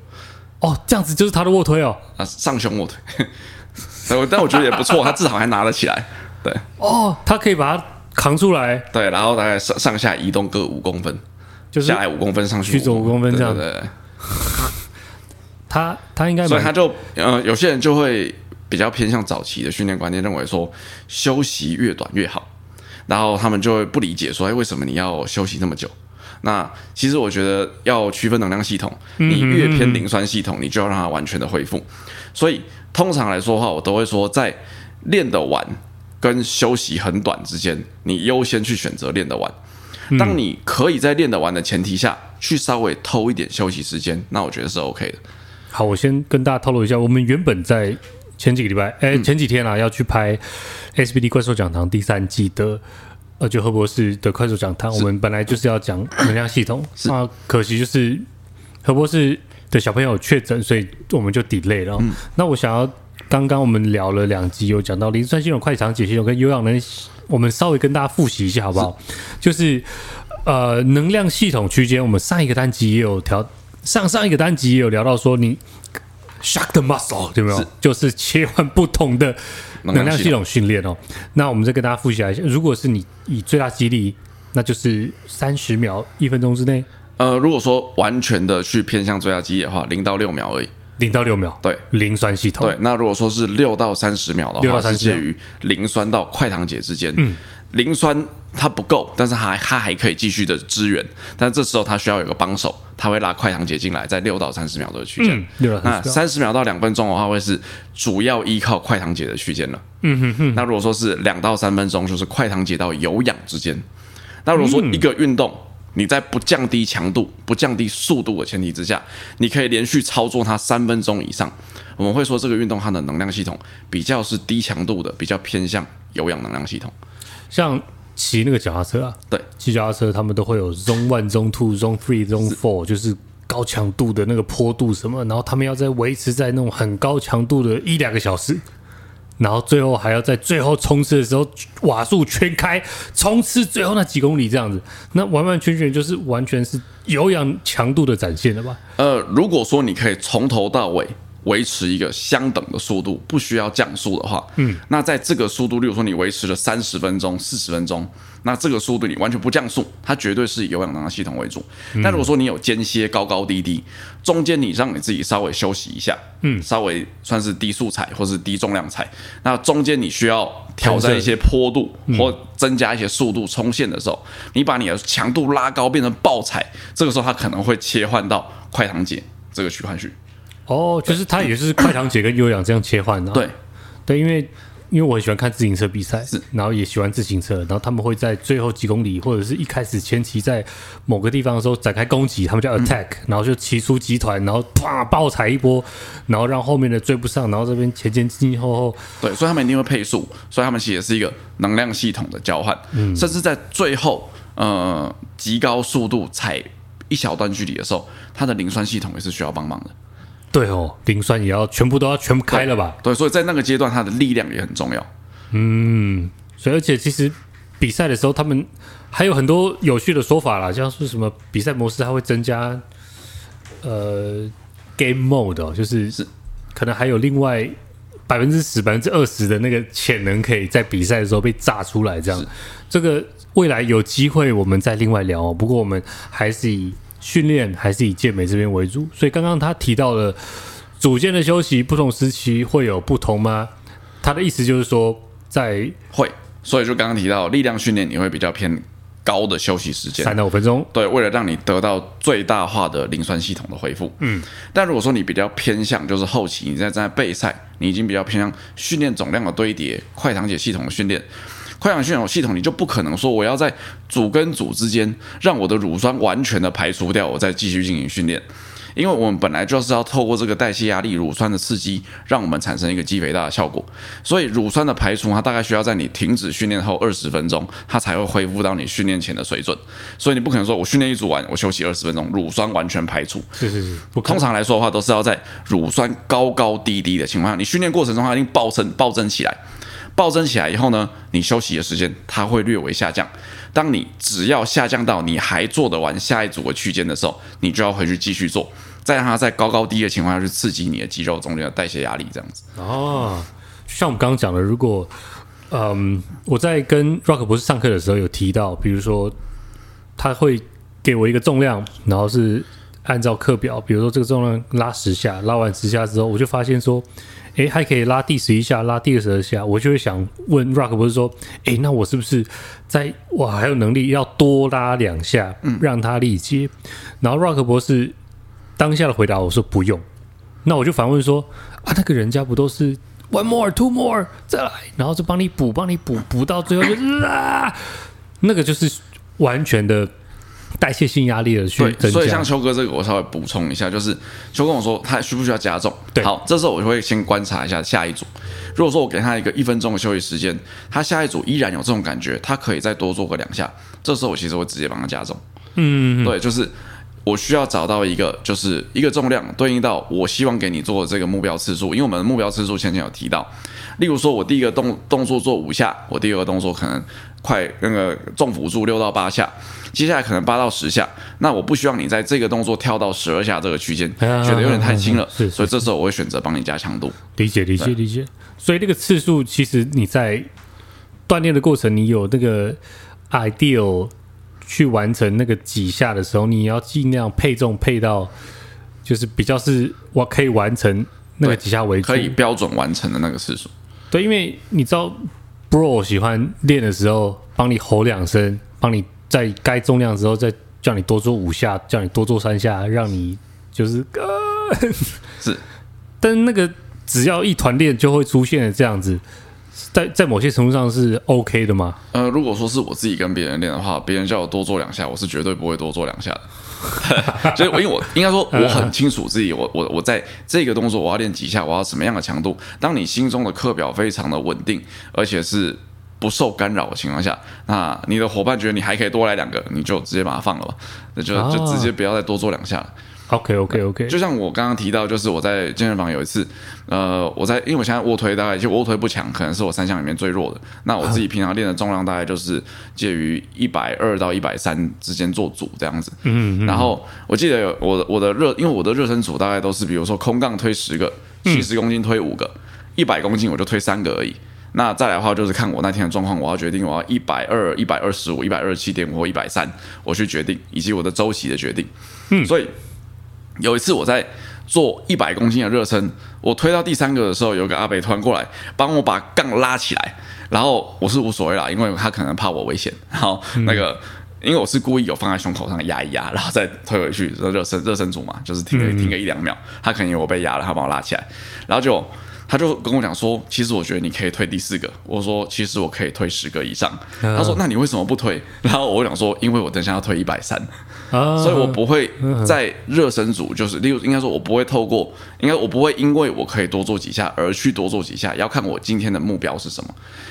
哦，這樣子就是他的臥推哦，啊，上胸臥推。但我但我覺得也不錯， 他至少還拿得起來。對，哦，他可以把它扛出來。對，然後大概上上下移動各五公分，就是下來五公分，上去五公，公分，這樣對，對，對。 他他應該，所以他就呃，有些人就會比較偏向早期的訓練觀念，認為說休息越短越好，然後他們就會不理解說，哎、欸，為什麼你要休息那麼久？那其實我覺得要區分能量系統，你越偏磷酸系統，你就要讓它完全的恢復。嗯、所以通常來說的話，我都會說在練得完跟休息很短之間，你優先去選擇練得完。當你可以在練得完的前提下，去稍微偷一點休息時間，那我覺得是 OK 的。好，我先跟大家透露一下，我們原本在前幾個禮拜，哎，前幾天啊，要去拍 SBD 怪獸講堂第三季的。呃，就何博士的快速講堂，我們本來就是要講能量系統是，那可惜就是何博士的小朋友確診，所以我們就 delay 了。嗯、那我想要，剛剛我們聊了兩集，有講到磷酸系統、快醣解系統、跟有氧能。我們稍微跟大家複習一下好不好？是就是呃，能量系統區間，我們上一個單集也有聊，上上一個單集也有聊到說，你 shock the muscle，有沒有？就是切換不同的。能量系統訓練哦，那我們再跟大家複習一下，如果是你以最大肌力，那就是三十秒一分鐘之內。呃，如果說完全的去偏向最大肌力的話，零到六秒而已。零到六秒，對，磷酸系統。對，那如果說是六到三十秒的話，六到三十秒，是介於磷酸到快糖解之間。嗯，磷酸它不夠，但是它還它還可以繼續的支援，但是這時候它需要有一個幫手。他會拉快醣解進來，在六到三十秒左右的區間，嗯。那三十秒到兩分鐘的話，會是主要依靠快醣解的區間了。嗯哼哼。那如果說是兩到三分鐘，就是快醣解到有氧之間。那如果說一個運動，你在不降低強度、不降低速度的前提之下，你可以連續操作它三分鐘以上，我們會說這個運動它的能量系統比較是低強度的，比較偏向有氧能量系統，像。騎那個腳踏車啊，對，騎腳踏車，他們都會有 zone one zone two zone three zone four，就是高強度的那個坡度什麼，然後他們要再維持在那種很高強度的一兩個小時，然後最後還要在最後衝刺的時候瓦數全開衝刺最後那幾公里這樣子，那完完全全就是完全是有氧強度的展現了吧？呃，如果說你可以從頭到尾。維持一個相等的速度，不需要降速的話，嗯，那在這個速度，例如說你維持了三十分鐘、四十分鐘，那這個速度你完全不降速，它絕對是以有氧能量系統為主、嗯。但如果說你有間歇，高高低低，中間你讓你自己稍微休息一下，嗯，稍微算是低速踩或是低重量踩，那中間你需要挑戰一些坡度或增加一些速度衝線的時候、嗯，你把你的強度拉高變成爆踩，這個時候它可能會切換到快醣解這個循環序。哦、oh，就是他也是快醣解跟有氧這樣切換的、啊。對，對，因為因為我很喜歡看自行車比賽，是，然後也喜歡自行車，然後他們會在最後幾公里或者是一開始前期在某個地方的時候展開攻擊，他們叫 attack、嗯、然後就騎出集團，然後啪爆踩一波，然後讓後面的追不上，然後這邊前前進進後後，對，所以他們一定會配速，所以他們其實也是一個能量系統的交換、嗯，甚至在最後呃極高速度踩一小段距離的時候，它的磷酸系統也是需要幫忙的。對哦，磷酸也要全部都要全部開了吧？對，對，所以在那個階段，它的力量也很重要。嗯，所以而且其實比賽的時候，他們還有很多有趣的說法啦，像是什麼比賽模式，它會增加呃 game mode 哦，就是是可能還有另外百分之十、百分之二十的那個潛能，可以在比賽的時候被炸出來。這樣，這個未來有機會我們再另外聊哦。不過我們還是以。訓練還是以健美這邊為主，所以剛剛他提到了組間的休息不同時期會有不同嗎？他的意思就是說，在會，所以就剛剛提到力量訓練，你會比較偏高的休息時間，三到五分鐘，對，為了讓你得到最大化的磷酸系統的恢復，嗯，但如果說你比較偏向就是後期你在正在備賽，你已經比較偏向訓練總量的堆疊，快醣解系統的訓練。快醣解訓練系統，你就不可能說我要在組跟組之間讓我的乳酸完全的排除掉，我再繼續進行訓練，因為我們本來就是要透過這個代謝壓力、乳酸的刺激，讓我們產生一個肌肥大的效果。所以乳酸的排除，它大概需要在你停止訓練後二十分鐘，它才會恢復到你訓練前的水準。所以你不可能說我訓練一組完，我休息二十分鐘，乳酸完全排除。是是是，通常來說的話，都是要在乳酸高高低低的情況下，你訓練過程中它一定暴增暴增起來。暴增起來以後呢，你休息的時間它會略微下降。當你只要下降到你還做得完下一組的區間的時候，你就要回去繼續做。再讓它在高高低的情況下去刺激你的肌肉中間的代謝壓力，這樣子。哦，像我們剛剛講的，如果嗯、呃，我在跟 Rock 博士上課的時候有提到，比如說他會給我一個重量，然後是按照課表，比如說這個重量拉十下，拉完十下之後，我就發現說。誒、欸，還可以拉第十一下，拉第二十二下，我就會想問 Rock 博士說：“誒、欸，那我是不是在哇？還有能力要多拉兩下、嗯，讓他力竭？”然後 Rock 博士當下的回答我說：“不用。”那我就反問說：“啊，那個人家不都是 one more, two more，再來，然後就幫你補，幫你補，補到最後就啦、啊，那個就是完全的。”代謝性壓力的去。所以像邱哥這個，我稍微補充一下，就是邱跟我說他需不需要加重？對，好，這時候我就會先觀察一下下一組。如果說我給他一個一分鐘的休息時間，他下一組依然有這種感覺，他可以再多做個兩下。這時候我其實會直接幫他加重。嗯，嗯，嗯，對，就是我需要找到一個，就是一個重量對應到我希望給你做的這個目標次數，因為我們的目標次數先前面有提到。例如說，我第一個動動作做五下，我第二個動作可能快那個重輔助六到八下，接下來可能八到十下。那我不希望你在這個動作跳到十二下這個區間，啊，覺得有點太輕了。啊，okay, 是，所以這時候我會選擇幫你加強度。理解，理解，理解。所以那個次數，其實你在鍛鍊的過程，你有那個 ideal 去完成那個幾下的時候，你要盡量配重配到，就是比較是我可以完成那個幾下為止。可以標準完成的那個次數。對，因為你知道，bro 喜歡練的時候幫你吼兩聲，幫你在該重量的時候再叫你多做五下，叫你多做三下，讓你就是呃、啊、是。但是那個只要一團練就會出現這樣子，在在某些程度上是 OK 的嗎？呃，如果說是我自己跟別人練的話，別人叫我多做兩下，我是絕對不會多做兩下的。 所以，因為我應該說，我很清楚自己，我我我在這個動作，我要練幾下，我要什麼樣的強度。當你心中的課表非常的穩定，而且是不受干擾的情況下，那你的夥伴覺得你還可以多來兩個，你就直接把它放了吧，那就就直接不要再多做兩下了。OK OK OK，就像我剛剛提到，就是我在健身房有一次，呃，我在，因為我現在臥推大概其實臥推不強，可能是我三項裡面最弱的。那我自己平常練的重量大概就是介於一百二到一百三之間做組這樣子。嗯，嗯然後我記得有我我的熱，因為我的熱身組大概都是比如說空槓推十個，七十公斤推五個，嗯、一百公斤我就推三個而已。那再來的話就是看我那天的狀況，我要決定我要一百二、一百二十五、一百二十七點五或一百三，我去決定以及我的周期的決定。嗯，所以。有一次我在做一百公斤的熱身，我推到第三個的時候，有個阿北突然過來幫我把槓拉起來，然後我是無所謂啦，因為他可能怕我危險。然後那個因為我是故意有放在胸口上壓一壓，然後再推回去熱熱身熱身組嘛，就是停停個一兩秒，他可能以為我被壓了，他幫我拉起來，然後就。他就跟我講說，其實我覺得你可以推第四個。我說，其實我可以推十個以上。Uh-huh. 他說，那你為什麼不推？然後我講說，因為我等一下要推一百三，所以我不會在熱身組，就是例如應該說，我不會透過，應該我不會因為我可以多做幾下而去多做幾下，要看我今天的目標是什麼。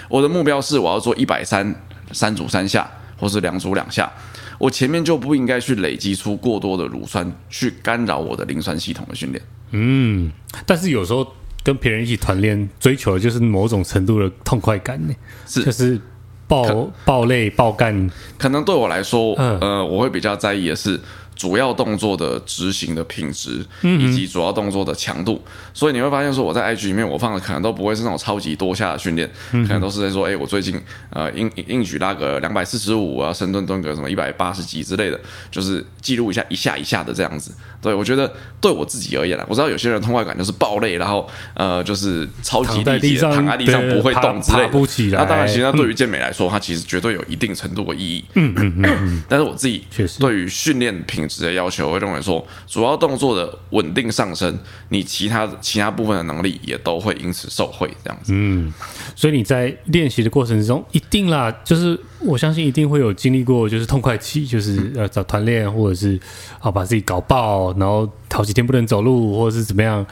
我的目標是我要做一百三，三組三下，或是兩組兩下，我前面就不應該去累積出過多的乳酸去干擾我的磷酸系統的訓練。嗯，但是有時候。跟別人一起團練，追求的就是某種程度的痛快感呢，是，就是爆爆累爆幹，可能對我來說，嗯，呃，我會比較在意的是。主要動作的執行的品質，以及主要動作的強度，所以你會發現說，我在 IG 裡面我放的可能都不會是那種超級多下的訓練，可能都是在說，哎，我最近呃，硬硬舉拉個兩百四十五啊，深蹲蹲個什麼一百八十幾之類的，就是記錄一下一下一下的這樣子。對我覺得，對我自己而言啦，我知道有些人痛快感就是爆累，然後呃，就是超級力竭，躺在地上，躺在地上不會動之類的。那當然，其實對於健美來說，它其實絕對有一定程度的意義。但是我自己確實對於訓練品。直接要求，我會認為說，主要動作的穩定上升，你其他其他部分的能力也都會因此受惠，這樣子。嗯，所以你在練習的過程中，一定啦，就是我相信一定會有經歷過，就是痛快期，就是呃找團練、嗯、或者是啊把自己搞爆，然後好幾天不能走路，或者是怎麼樣，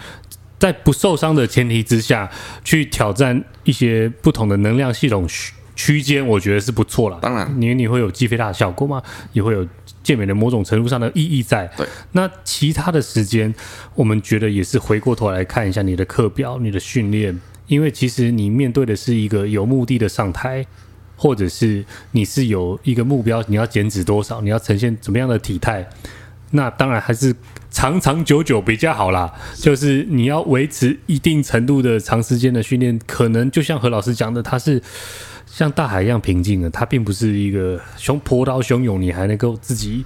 在不受傷的前提之下去挑戰一些不同的能量系統區區間，我覺得是不錯了。當然，你你會有肌肥大的效果嗎？也會有？健美的某種程度上的意義在。對，那其他的時間，我們覺得也是回過頭來看一下你的課表、你的訓練，因為其實你面對的是一個有目的的上台，或者是你是有一個目標，你要減脂多少，你要呈現怎麼樣的體態，那當然還是長長久久比較好啦。就是你要維持一定程度的長時間的訓練，可能就像何老師講的，他是。像大海一樣平靜的，它並不是一個凶波濤洶湧，你還能夠自己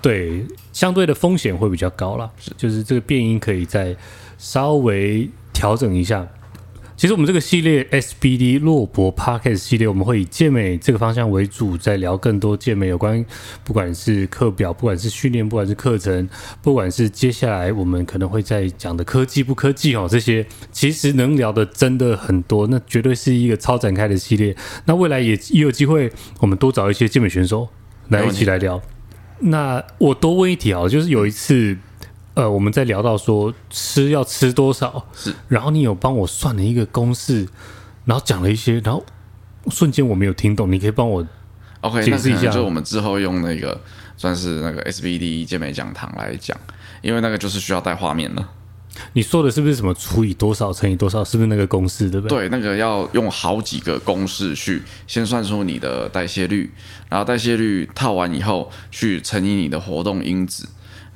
對相對的風險會比較高啦，就是這個變因可以再稍微調整一下。其實我們這個系列 SBD 洛博 Podcast 系列，我們會以健美這個方向為主，再聊更多健美有關，不管是課表，不管是訓練，不管是課程，不管是接下來我們可能會在講的科技不科技哦，這些其實能聊的真的很多，那絕對是一個超展開的系列。那未來也也有機會，我們多找一些健美選手來一起來聊。那我多問一題，就是有一次。呃，我們在聊到說吃要吃多少，是，然後你有幫我算了一個公式，然後講了一些，然後瞬間我沒有聽懂，你可以幫我，OK，解釋一下，okay, 就我們之後用那個算是那個 SBD 健美講堂來講，因為那個就是需要帶畫面的。你說的是不是什麼除以多少乘以多少？是不是那個公式？對不對？對，那個要用好幾個公式去先算出你的代謝率，然後代謝率套完以後去乘以你的活動因子。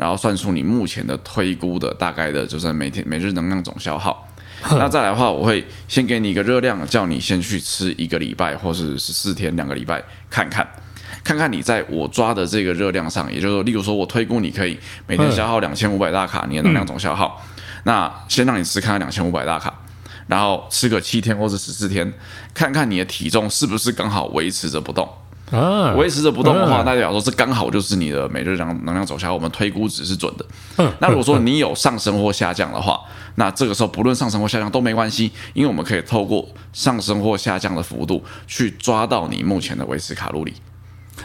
然後算出你目前的推估的大概的，就是每天每日能量總消耗。那再來的話，我會先給你一個熱量，叫你先去吃一個禮拜，或是十四天、兩個禮拜，看看看看你在我抓的這個熱量上，也就是說，例如說我推估你可以每天消耗兩千五百大卡，你的能量總消耗。那先讓你吃看看兩千五百大卡，然後吃個七天或是十四天，看看你的體重是不是剛好維持着不動。維持着不動的話，代表說是剛好就是你的每日量能量走下來我們推估值是準的。嗯嗯。那如果說你有上升或下降的話，那這個時候不論上升或下降都沒關係，因為我們可以透過上升或下降的幅度去抓到你目前的維持卡路里。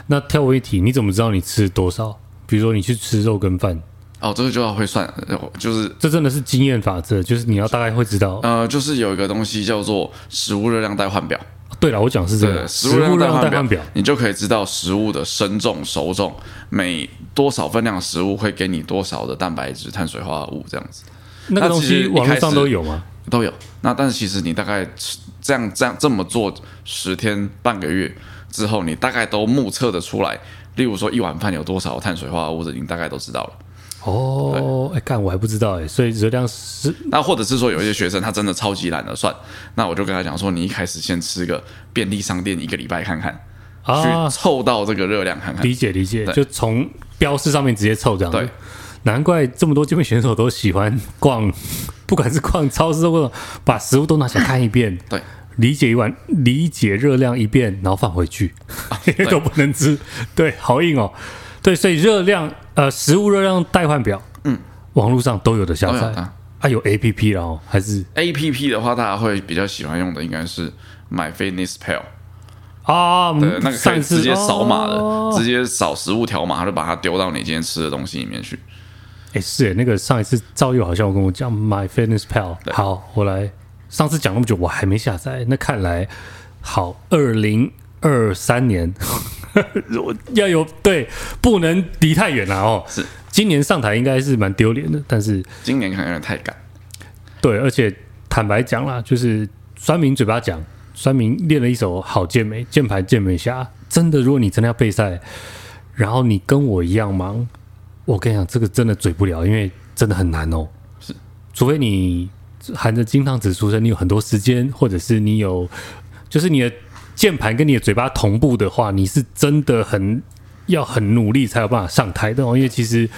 那跳過一題，你怎麼知道你吃多少？比如說你去吃肉跟飯哦，這個就要會算，就是這真的是經驗法則，就是你要大概會知道。呃，就是有一個東西叫做食物熱量代換表。對了，我講是這個食物量代換表，你就可以知道食物的生重、熟重，每多少份量食物會給你多少的蛋白質、碳水化合物這樣子。那個東西其實開網絡上都有嗎？都有。那但是其實你大概這樣、這樣、這麼做十天、半個月之後，你大概都目測的出來。例如說一碗飯有多少碳水化合物，你大概都知道了。哦，哎，幹、欸、我還不知道哎，所以熱量是那，或者是說有一些學生他真的超級懶得算，那我就跟他講說，你一開始先吃個便利商店一個禮拜看看啊，去湊到這個熱量看看，理解理解，就從標示上面直接湊這樣對。難怪這麼多健美選手都喜歡逛，不管是逛超市或者把食物都拿起來看一遍，對，理解一碗理解熱量一遍，然後放回去，啊、 都不能吃，對，好硬哦。對，所以熱量，呃，食物熱量代換表，嗯，網路上都有的下載，還、哦、有 A P P 了哦，還是 A P P 的話，大家會比較喜歡用的應該是 My Fitness Pal 啊，對，上次那個可以直接掃碼的、啊，直接掃食物條碼，它就把它丟到你今天吃的東西裡面去。哎，是哎，那個上一次趙佑好像我跟我講 My Fitness Pal，好，我來，上次講那麼久我還沒下載，那看來好，二零二三年。 要有對，不能離太遠了哦。是，今年上台應該是蠻丟臉的，但是今年有點太趕。對，而且坦白講啦，就是酸民嘴巴講，酸民練了一手好健美，鍵盤健美俠。真的，如果你真的要備賽，然後你跟我一樣忙，我跟你講，這個真的嘴不了，因為真的很難哦、喔。是，除非你含着金湯匙出生，你有很多時間，或者是你有，就是你的。鍵盤跟你的嘴巴同步的話，你是真的很要很努力才有辦法上台的哦。因為其實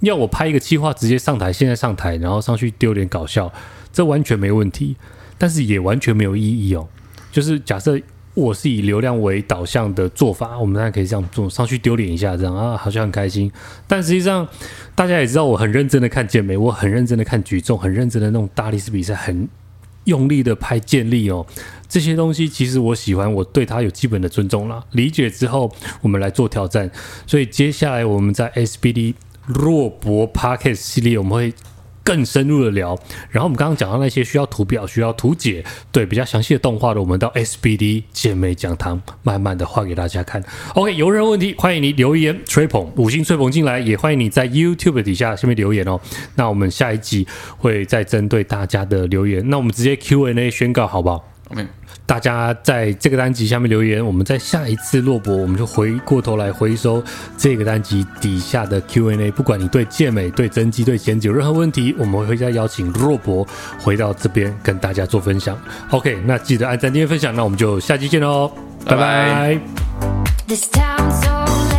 要我拍一個計劃，直接上台，現在上台，然後上去丟臉搞笑，這完全沒問題，但是也完全沒有意義哦。就是假設我是以流量為導向的做法，我們大家可以這樣做，上去丟臉一下，這樣啊，好像很開心。但實際上大家也知道，我很認真的看健美，我很認真的看舉重，很認真的那種大力士比賽，很用力的拍健力哦。這些東西其實我喜歡，我對它有基本的尊重啦。理解之後，我們來做挑戰。所以接下來我們在 SBD 洛博 Podcast 系列，我們會更深入的聊。然後我們剛剛講到那些需要圖表、需要圖解、對比較詳細的動畫的，我們到 SBD 健美講堂慢慢的畫給大家看。OK，有任何問題，歡迎你留言吹捧，五星吹捧進來，也歡迎你在 YouTube 底下下面留言哦。那我們下一集會再針對大家的留言，那我們直接 Q&A 宣告好不好？OK。嗯大家在這個單集下面留言，我們在下一次洛博，我們就回過頭來回收這個單集底下的 Q&A。不管你對健美、對增肌、對減脂有任何問題，我們會再邀請洛博回到這邊跟大家做分享。OK，那記得按讚、訂閱、分享，那我們就下期見嘍，拜拜。拜拜